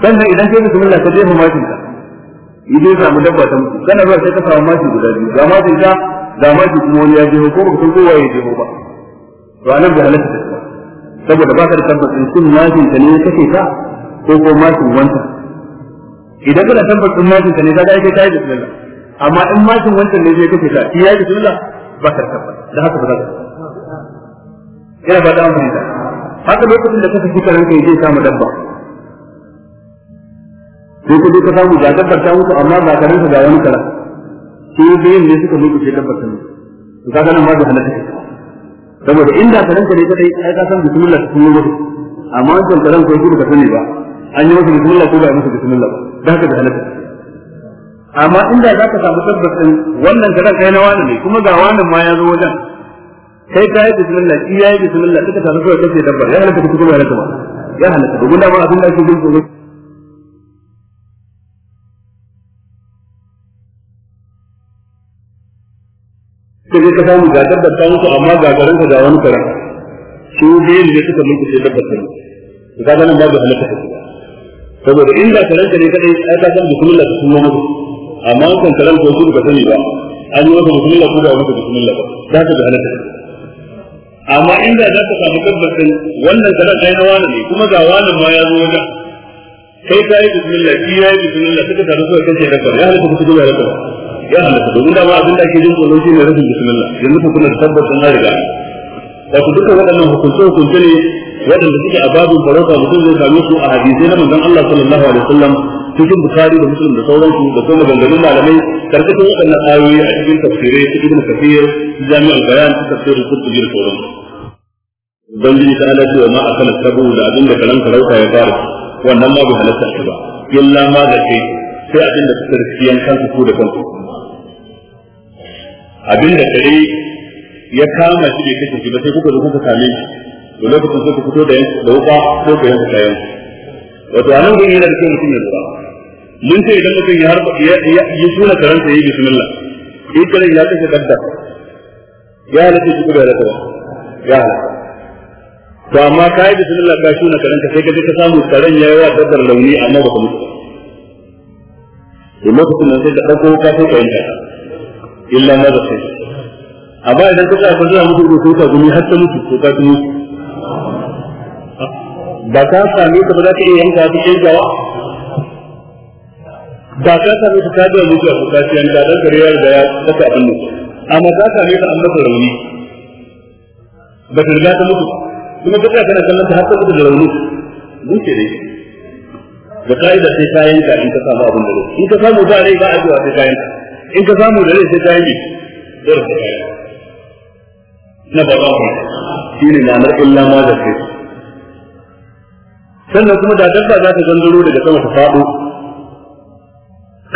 sannan idan kai bismillah ka jefa makin ka idan ka samu dabba ta mutu kana zuwa sai ka samu mashin guda biyu ga mashin ka ga makin kuma wani ya jeho ko ba san kowa ya jeho ba to anan bai halatta ta saboda ba ka da tabbacin kun makin ka ne kake ka ko ko mashin wanta idan kana tabbacin mashin ka ne ka ga kai kai bismillah amma in mashin wancan ne zai kake ka shi ya bismillah ba ka tabbata da haka ba za ka Yana ba da mun haka lokacin da kake kika ranka yake samu dabba sai ka je ka samu ga dabbar ta mutu amma ga karin ka ga wani kara sai bayin ne suka mutu sai dabbar ta mutu to kaga nan ba da halatta saboda inda karin ka ne kadai ai ka san bismillah ta kuma mutu amma an san karan ko gudu ka sani ba an yi masa bismillah ko ba masa bismillah ba da haka da halatta amma inda za ka samu tabbas wannan karan kai na wani ne kuma ga wani ma ya zo wajen kai yi bismillah shi yayi bismillah duka ta zuwa kace dabbar ya halaka kuma ya halaka ya halaka domin da abin da ake jin tsoro sai ka samu ga dabbar ta mutu amma ga garin ka ga wani karan su biyu ne suka mun sai dabbar ta mutu ka ga nan babu halaka ta saboda inda karan ka ne kadai ai ka san bismillah ta sunna mutu amma kan karan ko su ba sani ba an yi wata bismillah ko da wata bismillah ba za ka ga ta. amma inda za ka samu tabbacin wannan salat dai na wani ne kuma ga wani ma ya zo da kai ka yi bismillah shi ya yi bismillah suka taru suka kace da kawai ya halatta ku kuma rakawa ya halatta domin da ma abin da ake jin tsoron shi ne rashin bismillah yanzu ku kuna tabbacin na riga da ku duka waɗannan hukunce hukunce ne waɗanda suke a babin farauta mutum zai same su a hadisai na manzon Allah sallallahu alaihi wasallam cikin bukhari da muslim da sauransu da kuma maganganun malamai karkashin waɗannan ayoyi a cikin tafsirai su ibn kafir jami'ul bayan su tafsir al-qurtubi da sauransu ubangiji ta ala cewa ma akala sabu da abin da kalan karauta ya fara wannan ma bai halatta shi ba illa ma da kai sai abin da suka riskiyan kanku ko da kanku abin da kare ya kama shi bai kashe ba sai kuka zo kuka same shi to lokacin sai ku fito da yanku da wuka ko ku yanku kayan ku wato anan gurin yana da kyau mutum ya lura mun ce idan mutum ya harba ya yi suna karanta yi bismillah in karen ya kashe kadda ya halatta shi kuma ya ta ya halatta to amma ka yi bismillah ka suna karanta sai ka je ka samu karen ya yi wa daddar launi amma ba ka mutu to lokacin nan sai ka ɗauko ka sai ka ta illa ma da sai amma idan ka sa ka zuwa mutu ko ka gumi har ta mutu ko ka mutu ba ka same ta ba za ka iya yanka ta gawa da ka same ta kaji wa mutuwa ta kaci yanka don ka riya da ya saka abin nan amma ka same ta an masa rauni ba ta riga ta mutu kuma ta kana kallon ta har ta kuka da rauni mun ce dai da ka'ida sai ka yanka in ka samu abin da rauni in ka samu da rai ba a zuwa sai ka yanka in ka samu da rai sai ka yanka zai rufe na ba ba ku shi ne na mar'in lamar da kai sannan kuma da dabba za ta gangaro daga sama ta faɗo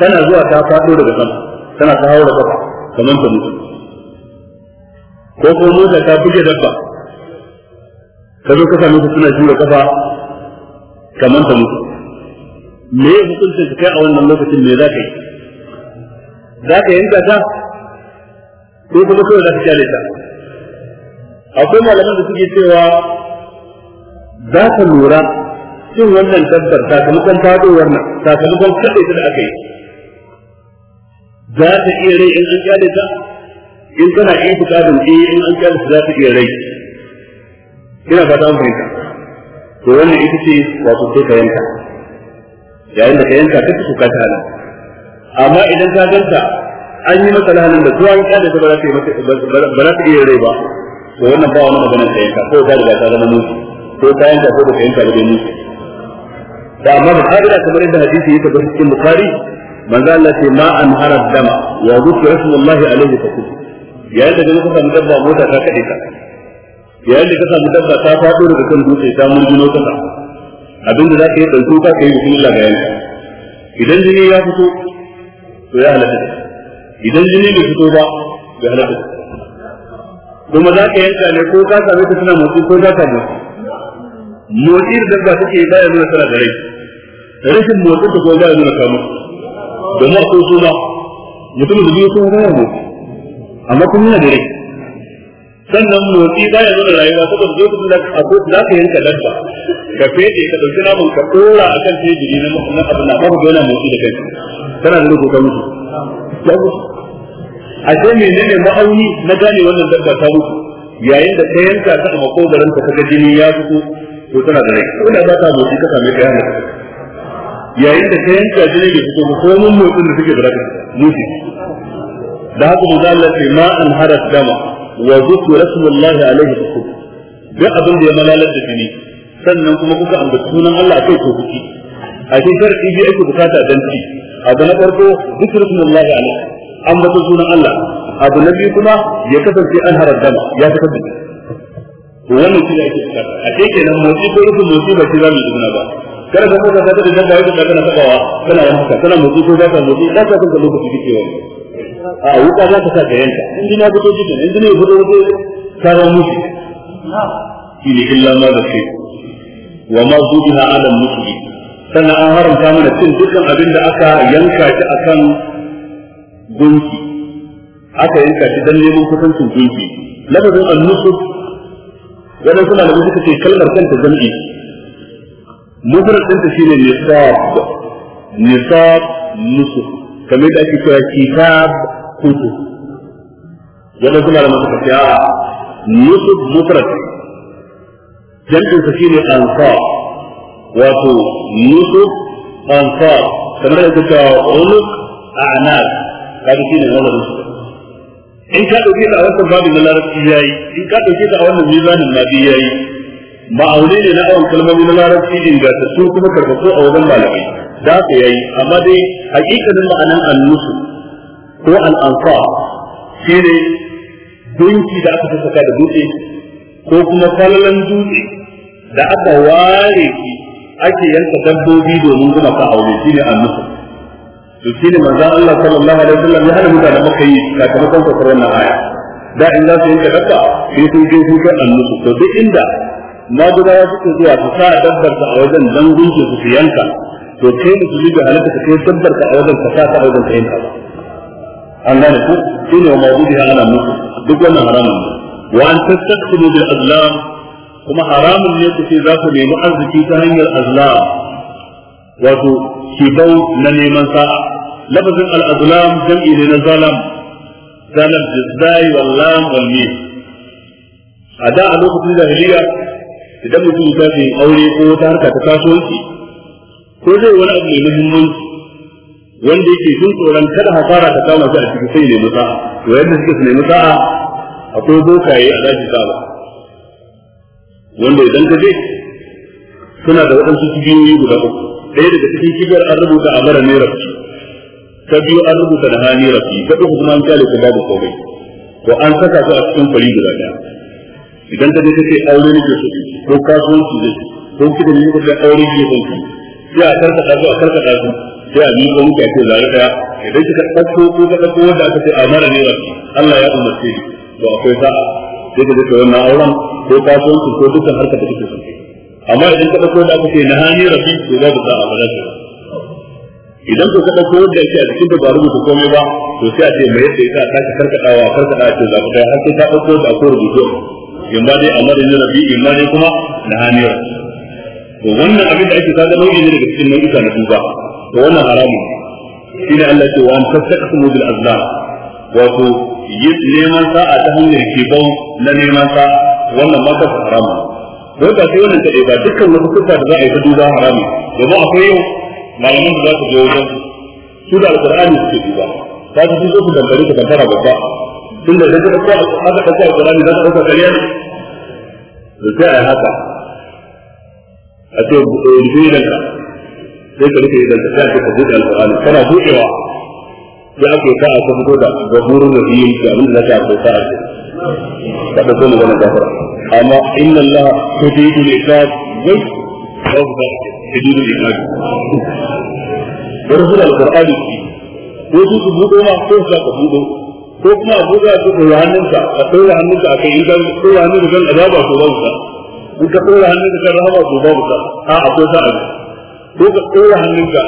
kana zuwa ta faɗo daga sama tana ta haura kafa kamar ta mutu ko kuma mota ta buge dabba ka zo kasa mutu suna jura kafa kamar ta mutu me ya hukunta ka kai a wannan lokacin me za ka yi za ka yi ta ko kuma kawai za ka kyale ta akwai malaman da suke cewa za ka lura cin wannan dabbar sakamakon fadowar nan sakamakon kaɗai ta da aka yi za ta iya rai in an kyale ta in kana iya fitadin yi in an kyale ta za ta iya rai ina fata an fahimta to wannan ita ce wato sai ka yanka yayin da ka yanka ka ci kuka ta halin amma idan ka ganta an yi masa lahanin da zuwa an kyale ta ba za ta iya rai ba to wannan ba wani magana ta yanka ko ta riga ta zama mutu ko ta yanka ko ba ta yanka ba dai mutu da amma da ka'ida kamar yadda hadisi yake tabbata cikin bukhari manzo Allah ce ma an harad dama wa zikra rasulullahi alaihi fa ya yayin da ka samu dabba mota ta kade ka yayin da ka samu dabba ta fado daga kan dutse ta murjino ka abin da zaka yi dauko ka kai bismillah ga yanka idan jini ya fito to ya halaka idan jini bai fito ba ya halaka kuma za ka yanka ne ko ka same ka tana motsi ko za ka motsi motsi da dabba take baya nuna tana da rai rashin motsi da kuma baya nuna kama da ma ko suna mutum da biyu kuma baya motsi amma kuma yana da rai sannan motsi baya nuna rayuwa saboda lokacin da za ka yanka dabba ka fete ka dauki naman ka dora akan tebiri na na abin da babu yana motsi da kai kana da rubuta mutu a sai menene ma'auni na gane wannan dabba ta mutu yayin da ta yanka ta a makogaran ta, ga jini ya fito ko tana da rai ko da ba ta motsi ka same ka yana yayin da ka yanka jini da fito ko mun motsin da suke da rai mutu da haka mu zalla ce ma an harat dama wa zikru rasulullahi alaihi wasallam duk abin da ya malalar da jini sannan kuma kuka ambaci sunan Allah kai ko kuki a cikin sharadi bi ake bukata dan ci abu na farko zikru rasulullahi alaihi ambata sunan Allah abu na biyu kuma ya kasance an harar dama ya fitar da to wannan shi ne ake bukata a ce kenan motsi ko rufin motsi ba shi za mu yi juna ba kada ka kuka ta da dabba yadda kana tabawa kana yanka kana motsi ko zaka motsi za ka kanka lokaci kike wani a wuka za ka sa ka yanka in dina fito kike in dina fito fito ka ra mushi shi ne illa ma da shi wa ma zubiha ala mushi sannan an haramta mana cin dukkan abin da aka yanka shi kan gunki aka yanka shi dan neman kusancin gunki lafazin annusuk wannan suna da suka ce kalmar kanta jam'i mufrad din ta shine nisab nisab nusuf kamar da ake cewa kitab kutu wannan suna da suka ce a nusuf mufrad jam'in sa shine anfa wato nusuf anfa kamar da ta ce uluk a'nab kaga shine nazarin su in ka dauke ta a wannan babin na larabci yayi in ka dauke ta a wannan mizanin na bi yayi aure ne na awon kalmomi na larabci ta su kuma ko a wajen malamai da ka yayi amma dai hakikanin ma'anan annusu ko al'anfa shi ne dunki da aka saka da dutse ko kuma falalan dutse da aka ware ki ake yanka dabbobi domin ka aure shi ne annusu to shi ne manzan Allah sallallahu alaihi wasallam ya hana mutanen maka yi sakamakon saukar wannan aya da in za su yi dabba sai sun je sun kai annusu to duk inda maguda ya suke zuwa su sa dabbar ta a wajen dan gunki su yanka to kai musulmi da halatta ka kai dabbar ta a wajen ka sa ta a wajen ka yanka an gane ku shi ne wa mawudi ya ana musu duk wannan haramun ne wa an tattaksimu bil azlam kuma haramun ne ku ce za ku nemi arziki ta hanyar azlam wato kibau na neman sa'a lafazin al-azlam jam'i ne na zalam zalam jizai wal lam wal mim a da a lokacin jahiliya idan mutum ya tafi aure ko ta harka ta kasuwanci ko zai wani abu mai muhimmanci wanda yake jin tsoron kada hasara ta kama shi a cikin sai ne musa to yadda suke su nemi sa'a akwai bokaye a daji sabo. wanda idan ka je suna da waɗansu cibiyoyi guda uku ɗaya daga cikin kibiyar an rubuta a mara naira fi ta biyu an rubuta da hani rafi ta uku kuma an kyale ta babu komai ko an saka su a cikin fari guda ɗaya idan ta je ta ce aure ne ke so ko kasuwanci ne ko kidan ne ko aure ne ke so sai a karkata su a karkata su sai a miƙo muka ce zare ɗaya idan kika ɗauko ko ka ɗauko wanda aka ce a mara naira fi Allah ya umarce ni to akwai sa'a sai ka je ka wannan auren ko kasuwanci ko dukkan harkar da kake so amma idan ka dauko da aka ce na hanyar rafi to babu sa'a ba za ta idan ka dauko da yake a cikin da ba rubuta komai ba to sai a ce mai yadda ya sa ka karkadawa karkada ce za ku kai har sai ka dauko da ko rubutu in ba dai amma da ni rafi in ma dai kuma na hanyar. to wannan abin da ake kaga nau'i ne daga cikin nau'ika na duba to wannan haramun shine Allah ce wa an tasaqtumu bil azlam wato yin neman sa'a ta hanyar kibau na neman sa'a wannan ma ta haramu don ba sai wannan kadai ba dukkan wasu kuka da za a yi ta duba harami yanzu akwai yau malaman da za su je wajen su da alqur'ani suke duba ta ji su su dambare ta kantara babba tun da zai dauko aka dauko alqur'ani za su dauka kariya ne da sai a haka a ce eh, rufe idan ka sai ka rufe idan ka sai ka buɗe alqur'ani kana buɗewa sai ke ka a ta fito da gaburin da biyu da abin da za ka yi sa'a ta ta dauko wani gafara amma inna Allah shadidul iqab wai rabba shadidul iqab wurin alqur'ani ko su su buɗo ma ko su ka buɗo, ko kuma a buga su da hannunka a tsora hannunka a kai idan tsora hannunka kan azaba ko babu ka in ka tsora hannunka kan rahama ko babu ka a akwai ta abu ko ka tsora hannunka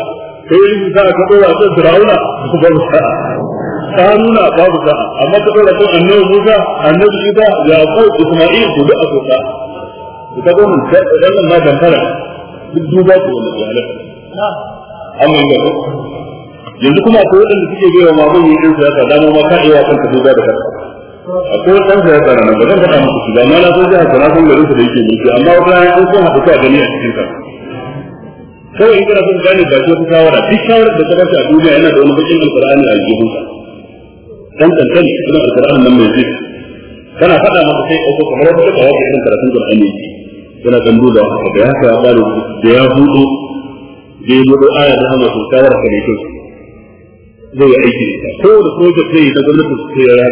kai yin sa ka a kan firawuna ko babu ka karuna babu da amma ta dora kan annabi Musa annabi Isa Yaqub Isma'il ko da akoka ita ko mun dan ma dan fara duk duba ko wannan iyalan amma yanzu kuma akwai wadanda suke bai wa mamun yin irin siyasa da ma ka iya kanka duba da kanka akwai dan siyasa nan ba zan faɗa muku shi ba mana na so jihar sun garin su da yake mulki amma wata ya an so haɗu ka gani a cikin ka kawai in kana son gane ba ce ta shawara duk shawarar da ka ta a duniya yana da wani bakin alƙur'ani a ka dan kankan cikin alqur'ani nan mai ji kana faɗa maka sai ko kamar wata kawo ka irin karatun qur'ani yana kan duba da ya ka baro da ya hudu da ya hudu aya da hama sun kawar ka ne to zai aiki ko da soja sai ta gwamnati su sai ya ka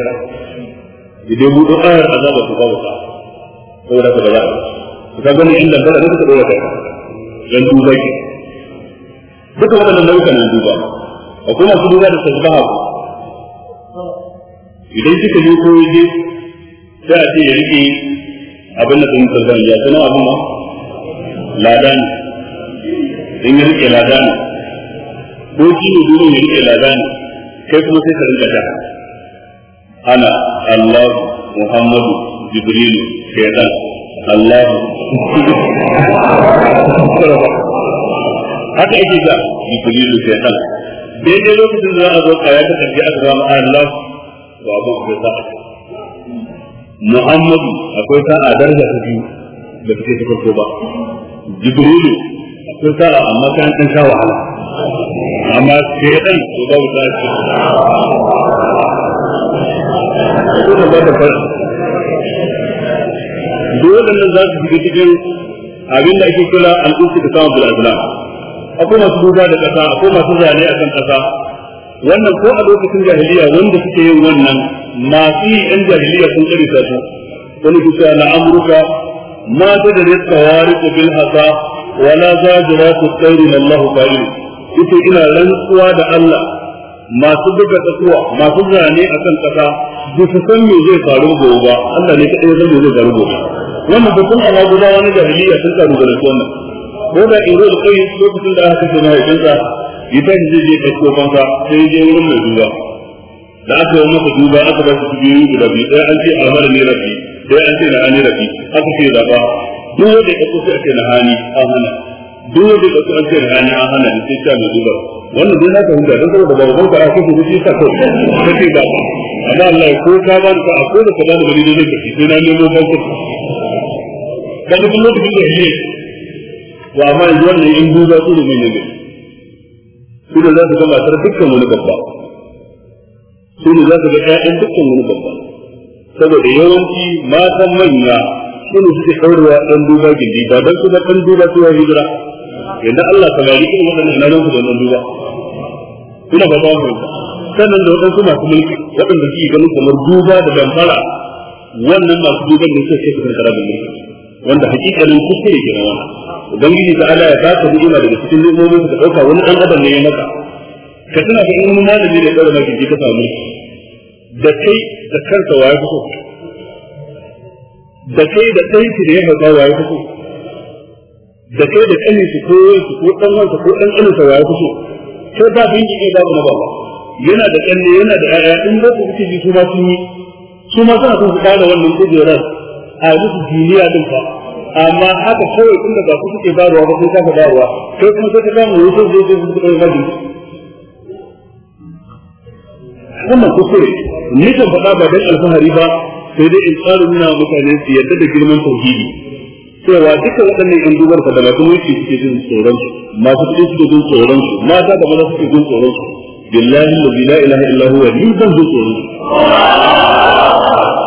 idan hudu ayar azaba su kawo ka ko da ka ba ka gani inda ba da ka dora ka dan duba ki duka wannan nau'ikan duba akwai masu duba da tasbaha idan kika yi ko je sai a ce ya rike abin da sun tsarkan ya sanar abin ma lada ne in ya rike lada ne ko ne dole ya rike lada ne kai kuma sai ka rinka ta ana Allah Muhammadu Jibril shaitan Allah haka ake ga Jibril shaitan daidai lokacin da za a zo kaya ta karfi aka ba Allah wa abu akwai sa'a Muhammadu akwai sa'a daraja ta biyu da take ta farko ba Jibrilu akwai sa'a amma kan dan sha wahala amma shaytan to ba wuta shi dole ba ta fara dole ne za su shiga cikin abin da ake kira al'ummatu ta samu bil azlam akwai masu duba da ƙasa akwai masu zane a kan ƙasa wannan ko a lokacin jahiliya wanda suke yin wannan masu yi ɗan jahiliya sun ƙari ta su wani kusa na amurka ma ta da rizka wari ko bil hasa wala za jira ku tsairi na allahu ƙari ita ina rantsuwa da allah masu duka tsakuwa masu zane a kan ƙasa ba su san me zai faru gobe ba allah ne kaɗai ya san me zai faru gobe wannan bukun ala guda wani jahiliya sun ƙaru da wannan ko da in ruwan kai lokacin da aka kashe mahaifinsa ya tashi zai je ɗauko fansa sai je wurin mai duba da aka yi masa duba aka ba su biyu guda biyu ɗaya an ce a mara ne rafi ɗaya an ce na ani rafi aka ce zaɓa duk wanda ya ɗauko sai ake na hani a hana duk wanda ya ɗauko an ce na hani a hana ne sai ta mai duba wannan dai na fahimta don saboda ba ba ka a kashe kuɗi sa kawai ta ce zaɓa amma Allah ya ko ka ba ni ka a ko da ka ba ni gari ne zai kashe sai na nemo fansa. Kaga duk lokacin da ya wa amma yanzu wannan in duba su da manyan gari su ne za su ga matar dukkan wani babba su ne za su ga ƴaƴan dukkan wani babba saboda yawanci matan manya su ne suke ɗaurewa ɗan duba gindi ba don su ga ɗan duba su ya hijira yanda Allah ta gari irin waɗannan na nan su da ɗan duba ina ba ba mu sannan da waɗansu masu mulki waɗanda suke ganin kamar duba da damfara wannan masu duban ne suke kasance da rabin mulki wanda hakikalin kuskure ke nan ubangiji ta ala ya baka ni'ima daga cikin ni'imomin ka dauka wani dan adam ne ya maka ka tuna ga in malami da tsara maka ka samu da kai da kanka waye kuso da kai da ɗanki da ya hauka waye kuso da kai da ƙani su ko su ko ɗan wanka ko ɗan ƙanin sa waye kuso ko ba bin ji ba na baba yana da ƙanne yana da ƴaƴa in ba ku kuke ji su ma sun yi su ma suna son su wannan kujerar a musu duniya din fa amma haka kawai tun da ba ku suke bayarwa ba Ta kafa bayarwa kai kuma sai ka samu wasu zai zai su kai maji wannan ni nikan faɗa ba dan alfahari ba sai dai in tsara nuna mutane su yarda da girman tauhidi cewa duka waɗannan yan dubar ka da masu mulki suke jin tsoron su masu kuɗi suke jin tsoron su mata da maza suke jin tsoron su billahi allazi la ilaha illa huwa ni zan jin tsoron su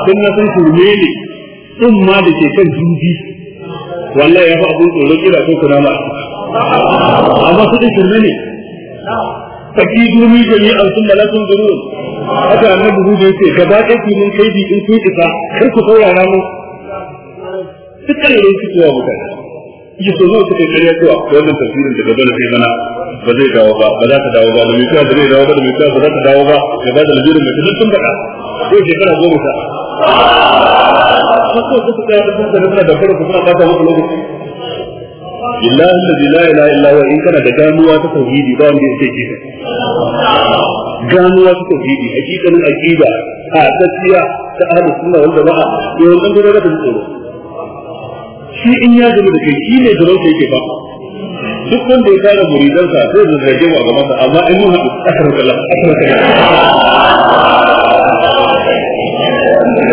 sun na san shirme ne din ma da ke kan juji wallahi ya fi abun kira ko kuna ma amma su din shirme ne ni jami'an sun malakun zurun haka annabi hudu ce. Ka ba ku mun kai bi in ku isa kar ku saurara mu dukkan ne su kuwa mutane yi so zo su kariya cewa wannan tafsirin daga dole sai mana ba zai dawo ba ba za ta dawo ba da mai kuwa zai dawo ba da mai ba za ta dawo ba gaba da lalurin mai sun faɗa ko shekara goma haka su suka yi sun sanar suna daukar ku suna kasa muku lokaci billahi alladhi la ilaha illa huwa in kana da ganuwa ta tauhidi ba wanda ya ce kika ganuwa ta tauhidi hakikanin aqida a tsakiya ta suna wanda wal jamaa to eh, wannan dole ka tsoro shi in ya zama da kai shi ne da rauta yake ba duk wanda ya tara muridansa sai da zage wa gaba amma in mun haɗu akar kala akar kala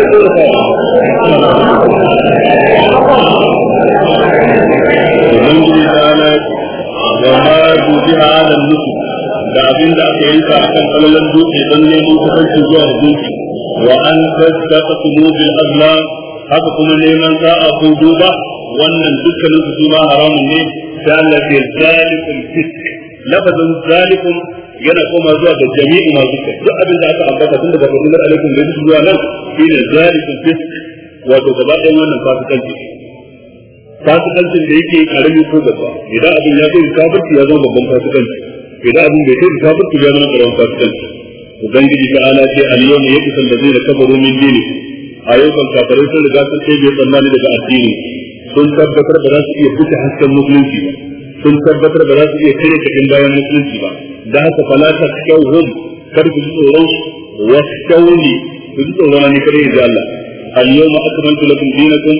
da abin da aka yanka a kan kalalan dutse don neman kusanci zuwa hukunci wa an tasta ta tumu bil azlam haka kuma neman sa'a ko duba wannan dukkanin su ma haramun ne da Allah ke zalikum fisk lafazin zalikum yana koma zuwa ga jami'u ma zikr duk abin da aka ambata tun daga fadilar alaikum da zuwa nan shine zalikum fisk wato gaba ɗayan wannan fasikanci fasikancin da yake karami ko gaba idan abin ya kai kafirci ya zama babban fasikanci idan abin bai kai kafirci ya zama karamin fasikanci ubangiji ta ala ce al da yaqsul ladina kafaru min yau ayyukan kafirai sun riga sun kai bai tsammani daga addini sun tabbatar da za su iya fita hasken musulunci ba sun tabbatar da za su iya kare cikin bayan musulunci ba da haka fala ta kyauhum kar ku ji tsoron wa kyauli ku ji tsoron ne kare da Allah al-yawma akmaltu lakum dinakum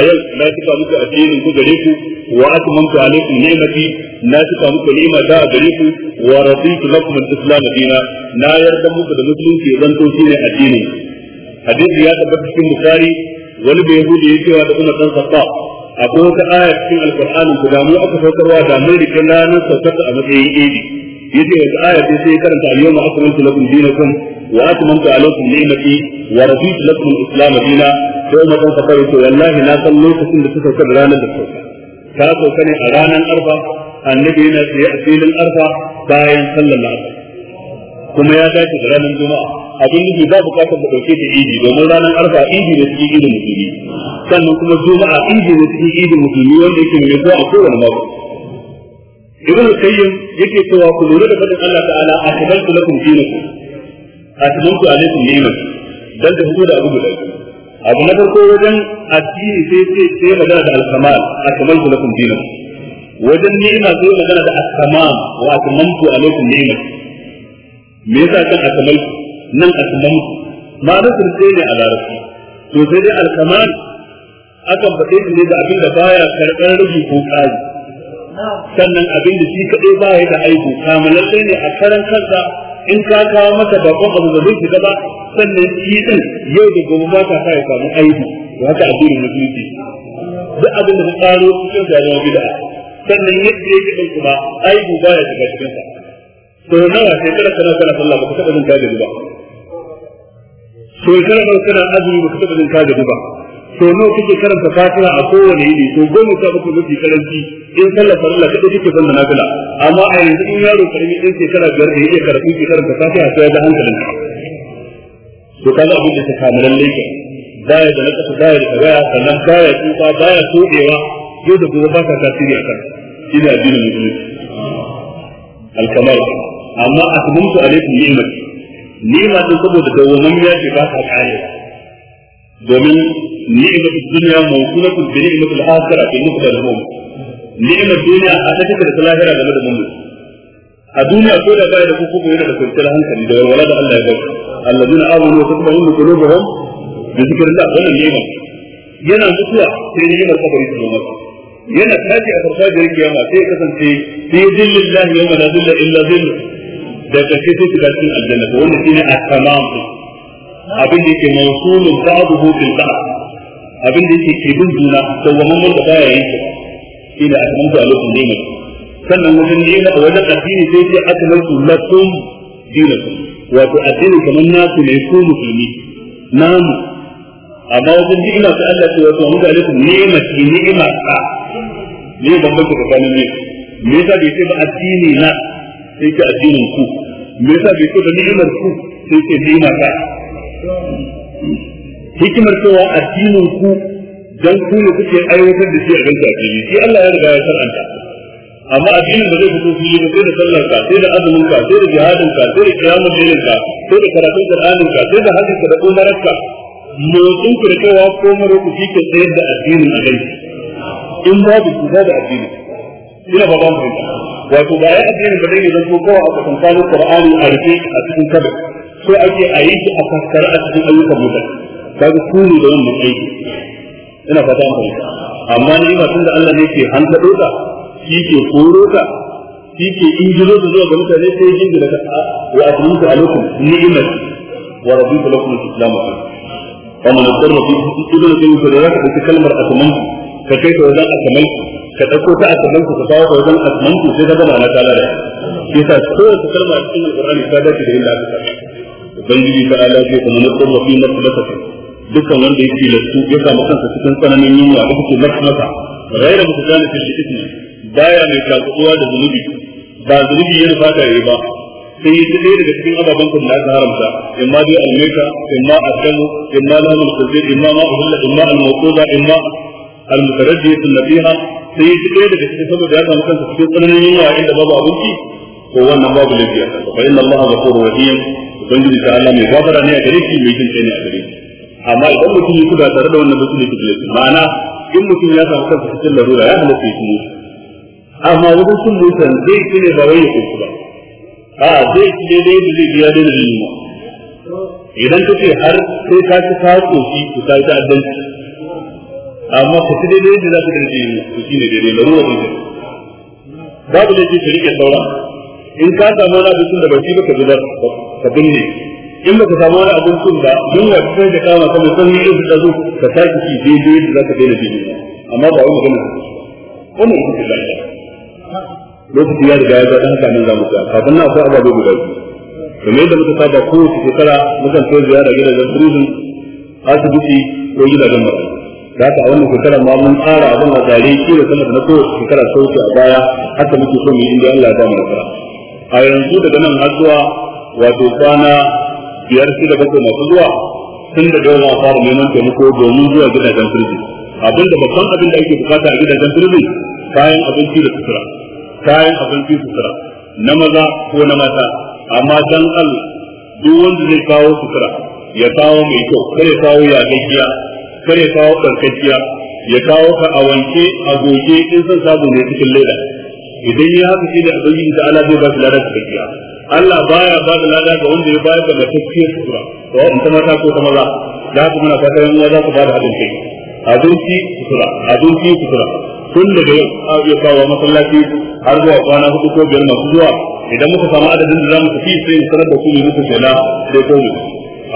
ayal na tuka muku addinin ku gare ku wa akmaltu alaykum ni'mati na tuka muku ni'ma da gare ku wa raditu lakum al-islam dina na yarda muku da musulunci zan to shine addini hadisi ya tabbata cikin bukhari wani bai yahudi ya cewa da kuma san sabba akwai wata aya cikin alqur'ani ku da mu aka saukarwa da mai rikin ranar saukarta a matsayin idi yace wata aya ce sai karanta al-yawma akmaltu lakum dinakum wa atmamtu alaykum ni'mati wa raditu lakum al-islam dina ma kan fara to wallahi na san lokacin da kuka kada ranar da kuka ta sauka ne a ranar arfa annabi yana a filin arfa bayan sallar arfa kuma ya dace ranar juma'a abin nufi ba bukatar da dauke ta idi domin ranar arfa idi ne musulmi sannan kuma juma'a idi ne musulmi wanda yake mai zuwa a mako ibn qayyim yake cewa ku lura da fadin Allah ta'ala ku. lakum dinakum atabaltu alaikum dinakum dan da hudu da abu guda abu na farko wajen addini sai sai sai magana da al-kamal atabaltu lakum dinakum wajen ni'ima sai magana da al-kamal wa atamantu alaikum dinakum me yasa kan atabaltu nan atamantu ma'anar sai ne a larabci to sai dai al-kamal akan faɗe ne da abin da baya karɓar rubi ko ƙari sannan abin da shi kaɗai ba ya da aiki kamalar sai ne a karan kansa in ka kawo masa babban abu da zai shiga ba sannan shi din yau da gobe ba ta sa ya samu aiki da haka addinin musulunci duk abin da ka tsaro cikin da gida sannan yadda yake ɗin kuma aiki ba ya shiga cikin sa to nawa sai kada kana kana sallah ba ka taɓa jin kaji ba to kana kana azumi ba ka taɓa jin kaji ba so nawa kake karanta fatiha a kowane yini so goma sha uku mafi karanci in sallar farilla kada kike san da nafila amma a yanzu in yaro karami din shekara biyar da yake karatu ki karanta fatiha sai ya ga hankalin ka to kaga abin da ta kamaran lake baya da nakasa baya da tsaya sannan baya tsufa baya todewa yau da gobe ba ka tasiri a kan shi ne addinin musulunci alkamar amma asbuntu alaikum ni'mati ni'matin saboda dawwamin ya ce ba ka karewa domin ni'imar duniya mawkulatun bi ni'imar al-akhirah bi ni'imar al mu. ni'imar duniya a take da lahira da da mu. a duniya ko da bai da ku kuma yana da kwanciyar hankali da walwala da Allah ya bauta alladina amanu wa tatma'innu qulubuhum bi dhikrillah wannan ni'ima yana mutuwa sai ni'imar kabari ta zo yana tashi a da farfajiyar kiyama sai kasance fi dhillallahi yawma la dhilla illa dhilluh da kake sai cikin aljanna wannan shine a tamam abin da yake mawsulun ba'dahu hukun ba'd abin da yake kibin juna wani da baya yake ila asmantu alaikum dinu sannan wajen ne a wajen addini sai ce akmaltu lakum dinakum wato addini kamar nasu ne su musulmi namu amma wajen ni'ima su Allah ce wato mun nema alaikum ni'imati ni'ima ta ne ka tsakanin ne me yasa bai ce ba addini na sai ce addinin ku me yasa bai ce ba ni'imar ku sai ce nema ka. hikimar cewa addinin ku dan ku ne kuke aiwatar da shi a ganta fili shi Allah ya riga ya shar'anta amma addinin da zai fito fili ba sai da sallar ka sai da azumin ka sai da jihadin ka sai da kiyamun dalil ka sai da karatun qur'anin ka sai da hajjin da umarar ka motsin ku da cewa ko maro ku shi ke tsayar da addinin a ganta in babu ku da addini ina ba ban fahimta wato ba ya addinin ba dai ne zan ko kawai a kasan kawo qur'ani a rufe a cikin kabari sai ake a yi shi a kaskara a cikin ayyukan mutane kaga ku ne da wannan aiki ina fata an fahimta amma ni ma da Allah ne ke hanta doka shi ke koro ka shi ke injiro da zuwa ga mutane sai ya jingira ka wa asirin ka alaikum ni ina shi wa rabbi ta lakum islamu a kan wani tsoron fi su tudu da sun kudura ka ɗauki kalmar asaman ku ka kai ka wajen asaman ka ɗauko ta asaman ku ka kawo ka wajen asaman ku sai ka zama na talara ya sa kowace kalmar cikin alƙur'ani ta dace da yin lafiya ubangiji ta ala ce kuma na kurra fi masalata dukkan wanda yake lattu ya samu kansa cikin tsananin yunwa ita ce masalata raira mutu zani fi ismi baya mai tatsuwa da zunubi ba zunubi ya nufa da ba sai yi ɗaya daga cikin ababen kun da aka haramta imma dai almeta imma adamu imma lahmul khinzir imma ma uhilla imma al-mawquda imma al-mutarajjiyatu nabiha sai yi ɗaya daga cikin saboda ya samu kansa cikin tsananin yunwa inda babu abinci ko wannan babu lafiya fa inna allaha ghafurur rahim ubangiji ta Allah mai gafara ne a gare shi mai jin kai ne a gare shi amma idan mutum ya kuda tare da wannan mutum yake da ma'ana in mutum ya samu kansa cikin larura ya halatta ya kuma amma wajen sun mutan zai ci ne ba wai ya kuma ba a zai ci ne da yadda zai biya da da yunwa idan ka ce har sai ka ci ka koshi ku ta ta addanci amma ka ci daidai yadda za ka dace yi ku shi ne daidai larura ne babu da ke ka rike sauran in ka samu wani abincin da ba shi ba ka zubar ka binne in ba ka samu wani abin sun ba yunwa ta sai da kama ta mai sanyi in ka zo ka sake ci daidai yadda za ka daina jini amma ba wani magana wani ita fi lafiya lokaci ya riga ya zaɗa haka dan za mu ta kafin na akwai ababe guda biyu kamar yadda muka saba ko kowace shekara mukan kai ziyara gidajen prison asibiti ko gidajen mara da haka a wannan shekara ma mun tsara abin a tsare kila sama da na kowace shekara sauki a baya haka muke so mu yi inda Allah ya ba mu nasara a yanzu daga nan har zuwa wato kwana biyar shida bakwai masu zuwa tun da yau za a fara neman taimako domin zuwa gidajen turbi abin da babban abin da ake bukata a gidajen turbi kayan abinci da sutura kayan abinci sutura na maza ko na mata amma dan Allah duk wanda zai kawo sutura ya kawo mai kyau kar ya kawo yagaggiya kar ya kawo karkakkiya ya kawo ka a wanke a goge in son sabon ne cikin leda idan ya haka shi da abin da ala zai ba su ladar karkakkiya Allah baya ba da lada ga wanda ya bayar da matakkiyar sutura da wa ta mata ko ta maza da haka muna fata yan za ku ba da hadin kai abinci sutura abinci sutura tun daga yau a kawo masallaci har zuwa kwana hudu ko biyar masu zuwa idan muka samu adadin da za mu tafi sai in sanar da ku ne muku shela sai ko ne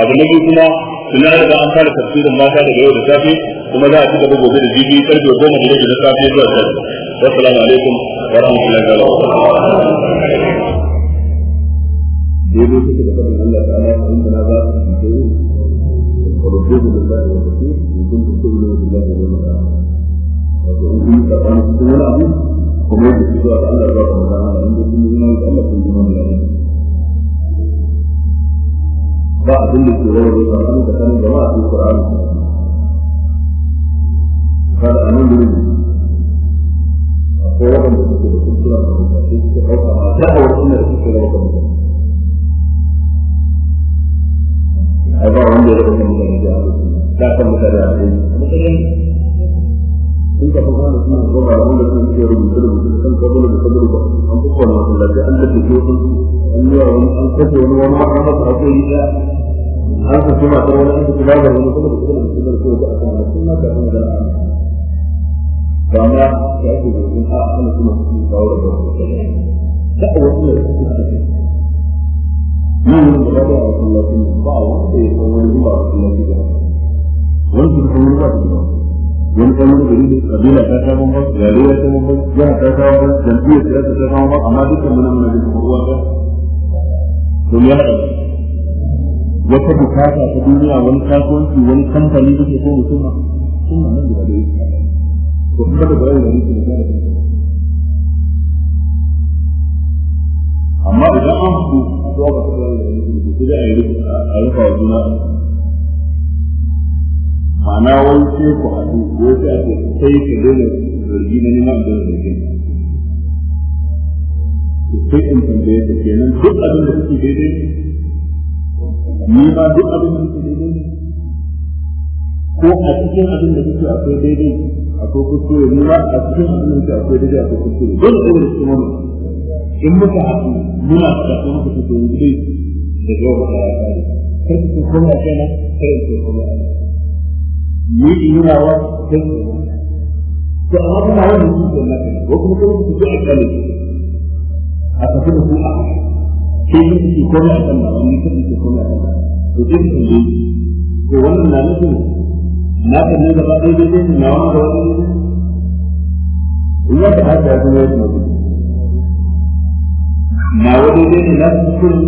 abu na biyu kuma tuna da an fara tafsirin mata daga yau da safe kuma za a ci gaba gobe da jibi karfe goma da na safe zuwa safe assalamu alaikum wa rahmatullahi wa barakatuh daidai suka da faɗin Allah ta'ala ya in kana za su ce wa rabbukum billahi wa rasul in kuntum tu'minuna billahi wa yawmil akhir wato in kun ka tsana cikin wani abu kuma yadda su zuwa ga Allah za ku magana Allah in kun yi mana da Allah kun yi mana da ba abin da ke wani rusa an da kan jama'a cikin Qur'ani kada a nan gurin akwai waɗanda suke da kuskura a rubutu suke ɗauka ma da'awar suna da suke da wakan mutane a ba wanda ya rubuta mutane da abin ta san mutane da abin mutane ka fuka da suna zuwa da wanda sun ce rubuta rubuta kan kabulu da kabulu ba an fuka wani masallaci an da ke sun an yi wa wani an kace wani wani an masa ake yi da an ka kuma ta wani an ka kuma da wani kuma da kuma da kuma da kuma da kuma da kuma da kuma da kuma da kuma da kuma da kuma da kuma da kuma da kuma da kuma da kuma da kuma da kuma da kuma da kuma nan da ba da masallacin ba wanda ya san wani zuwa masallaci da wani su san wani ba su ba yan wani gari da kabila ta ta ban ba yare ya ta ban ba ya ta ta ban ba jam'iyyar ta ta ta ban ba amma dukkan mana mana da ruwa ba Don ya da wata bukata ta duniya wani kasuwanci wani kamfani da ko mutum ma sun nan da ba da yake to kuma da ba da da amma idan an fito a zuwa ba su da yin sai dai a rufa wa juna ma'ana wani ce ku haɗu ko sai a ce sai ka daina zargi na neman da zargin sai in tambaye ka kenan duk abin da kuke daidai ni ma duk abin da kuke daidai ko a cikin abin da kuke akwai daidai akwai kuskure ni ba a cikin abin da kuke akwai daidai akwai kuskure dole ne su mamaki in muka haɗu muna da kuma muka fito mu da yau da ya kare kar ku kuma a kana kar ko kuma a ni ina wa sai to amma kuma wannan shi ke naka ko kuma kuma ku ji a kare a tafi da ku a ke yi ki kuma a kan nan ni kake ki kuma a kan to kuma ku ne to wannan na nufin na kan ne gaba ɗaya dai na wani da wani in ya ta haka ya zama ya na wani ne ne na kuskure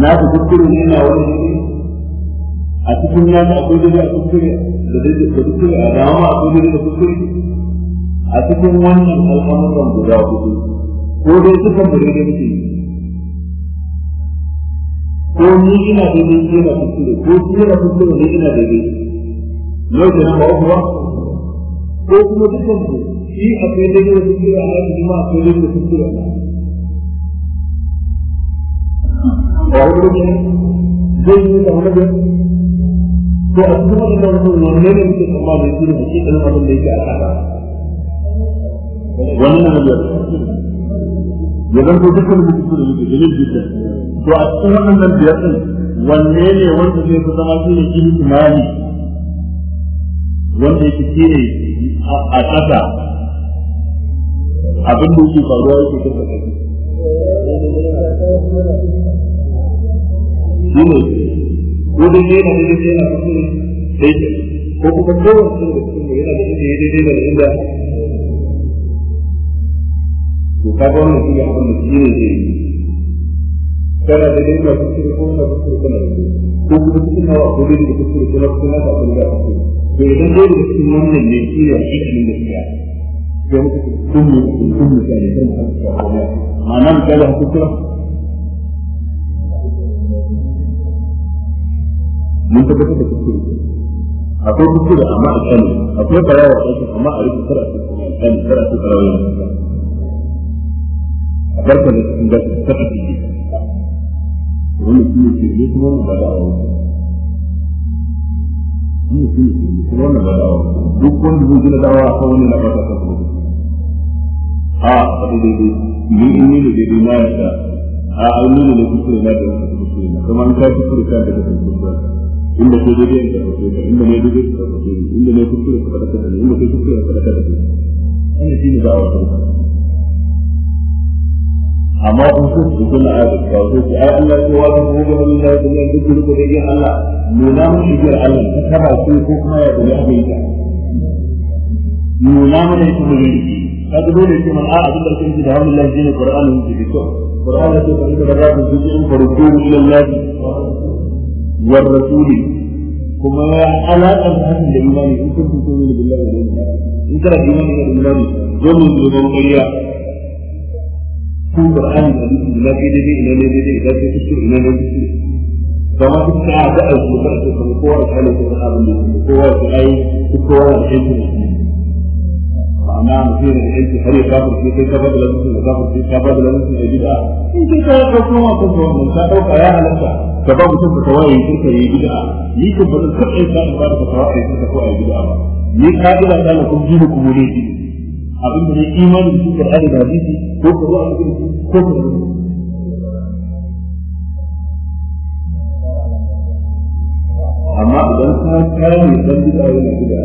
na kuskure ne na wani ne a cikin ya ta akwai dole a kuskure da dai da kuskure a dama akwai dole da kuskure a cikin wannan al'amuran guda hudu ko dai suka bari da muke ko ni ina daidai ke na kuskure ko shi na kuskure ne ina daidai yau kenan ba uku ba ko kuma dukkan su shi akwai daidai da a nan kuma akwai daidai da kuskure a nan ba wani ne zai yi da wani ne to a cikin wani da wani wanne ne ne kama da shi da shi ɗan abin da yake a kasa wani na ne ya zan ko dukkan da kuskure da yake da to a cikin wannan biyar ɗin wanne ne wanda zai fi zama shi ne ilmi wanda yake shi ne a ƙasa abin da yake faruwa yake kan da dole shine ko da yana da yake na kuma sai ke ko kuma kowace da kuskure yana da yake daidai da inda to ka ga wannan shine abin da shine ke kana da dinga kuskure kuma na kuskure kana da ko kuma cikin hawa ko da kuskure kuma na na ka kuskure to idan dai da cikin wannan ne shine hakikanin gaskiya sai muka ce kun ne kun ne sai kan ma'ana mu kaga hukunta mun ko da kuskure akwai kuskure amma a ko akwai barawa a kane amma a rike kar a kane kar a kare wani a barka da cikin ta wani kuma da awo shi kuma duk gina dawa a kan wani na ba ta kan a faɗi daidai ni in ni daidai na yarda a an ni ne kuskure na da wata kuskure na kuma an ka kuskure ka daga kan kuskure inda ke daidai in karfafe ka inda ne daidai ka karfafe ni inda ne kuskure ka faɗa ka da inda ke kuskure ka faɗa ka da an wannan shi za a wata amma kun sun su suna arziki ba su ce ai Allah ce wa kun gobe wani da su yan duk duk da yin Allah nuna mun igiyar Allah ta kama su ko kuma ya dole abin ta nuna mun ne kuma yin kaga dole ce man a abin da kake da hawan Allah shine Qur'ani ne ke to Qur'ani ce ka da rabbu zuciyin farko ila Allah wa rasuli kuma alaƙar hakan da imani in kun tuto ne billahi da imani in kana da imani da imani dole ne ban ƙarya ko Qur'ani da hadisi da dai dai ina ne da ke kusur ina ne kusur kama duk ta da ko ko alƙalin ko abin da ko ko ai ko ko ai amma mutum da aiki har ya kafir sai kai ka bada lafiyar da kafir sai ka bada lafiyar da bid'a in kai kawai ka kuma ka ko mun ka dauka ya halatta ka ba mutum ka tawaye shi ka yi bid'a ni ko ba ka kai ka ba ka tawaye shi ka ko ai bid'a ba ni ka ila ta ku jini ku mure shi abin da ne imani da cikin adada hadisi ko ko a cikin ko ko amma idan ka kai ne dan bid'a ne bid'a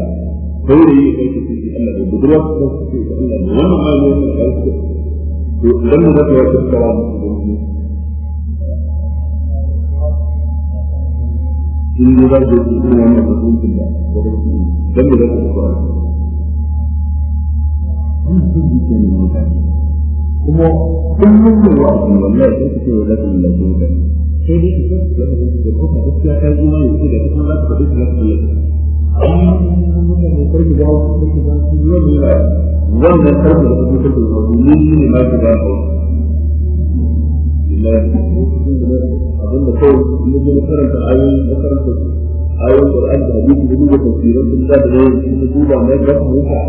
saurayi ya kai kici Allah da budurwa ta kai kici Allah da wannan ma ne kai kici to idan mu zaka wata tsara mu in mu zaka yi cikin wannan hukuncin da dan mu zaka tsara kuma kullum ne wa abin wallahi sai kace wa zaka lillahi sai dai kace ya kace ko kuma gaskiya kai imani kace da kuma zaka faɗi zaka lillahi wannan karfi da kuma karfi da kuma ne shi ne ma ku ba ku illa abin da kawai in ji na karanta ayoyin na karanta ayoyin Qur'ani da hadisi da duba tafsirin sun da da yayin sun duba mai da haka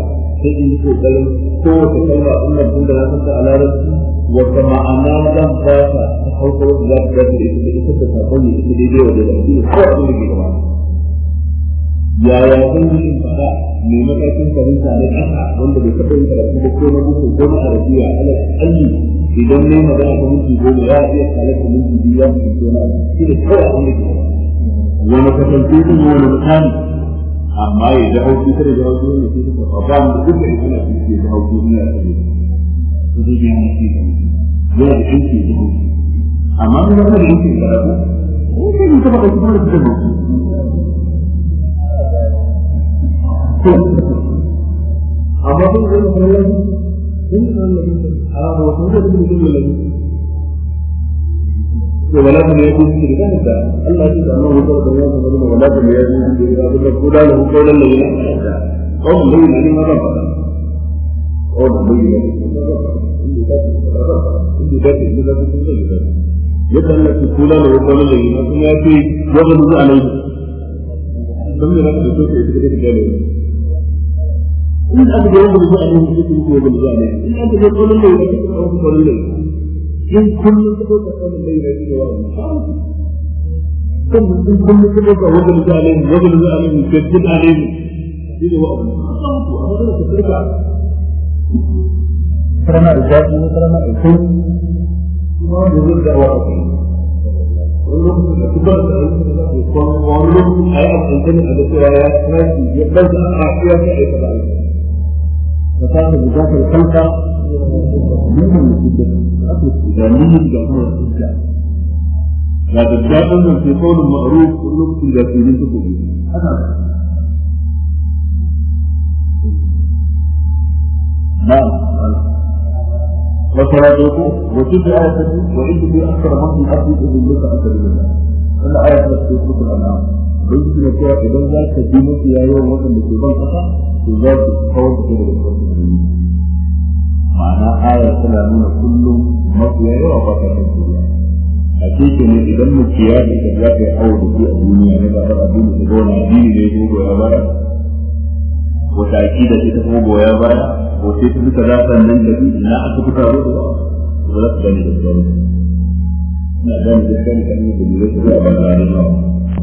sai in ji kokarin kowace kalma in da tun da na san ta a larabci wata ma'ana zan ba ta ta hausa wata za ta dace da ita da ita ta sakon ne ita daidai wa da ita ko abin da ke gaba yaya zan yi in faɗa mai da fahimta na ƙasa wanda bai taɓa yin karatu da ko na boko ko na arabiya ala alli idan ne ma za a minti goma ya iya halatta minti biyu ya fi ko na shi da kawai abin da ke wani kasance sun yi wani misali amma ya da hauki kada da hauki ne sun suka ba mu duk da ina sun ce da hauki ina da hauki su zai biya mutu yana da yanki da hauki amma mun zama da yanki da ko kai ne ta ba da kuma da hauki amma kun zo da lafi kun zo da lafi a ba ku da kun zo da lafi to wala ta ne ku ci da da Allah ya da nan ko da nan ko da wala ta ne ya ji da da ku da nan ko da nan ne ko da nan ne ma ba ko da nan ne inda da inda da kun zo da yadda Kuma ke da wata wani zai na kuma ya ce ya zama zuwa nan don me na da so ke ita da ke da in aka ga wanda zuwa ne su su ko zuwa ne in aka ga kullun ne ya ci ko ne in kullun ko ka ne ya ci wa kan in kullun ko ka wanda zuwa ne wanda zuwa ne ke cikin ne shi ne wa abu amma da ka tsirka karana da zafi ne karana da kai kuma da zuwa da wa abu wani da kuma da aiki da kuma wani lokacin a yi amfani da abin da ya tashi ya ɗauka a kiyar da aiki da aiki فتاة بذات الخلقة منهم الجدة إذا الجميل جمهور الإسلام لا تتجاهل من في قول معروف في إذا في نفسكم نعم وصلاتكم وجد آية وعيد بي أكثر من أبي إذن لك أكثر من أنا آية في سورة الأنعام بيجي لك إذا ذاك الدين في يوم to za su kawo su daga cikin ma'ana aya tana nuna kullum mafiya yawa ba ta kan kuriya a cikin ne idan mu kiya da ta za ta yi awo da ke a duniya na gafar abin ta zauna ne ko goya bara wata aƙida ce ta ko goya bara wata ta duka za ta nan da na aka ba za su gani da gani na gani da gani da gani da gani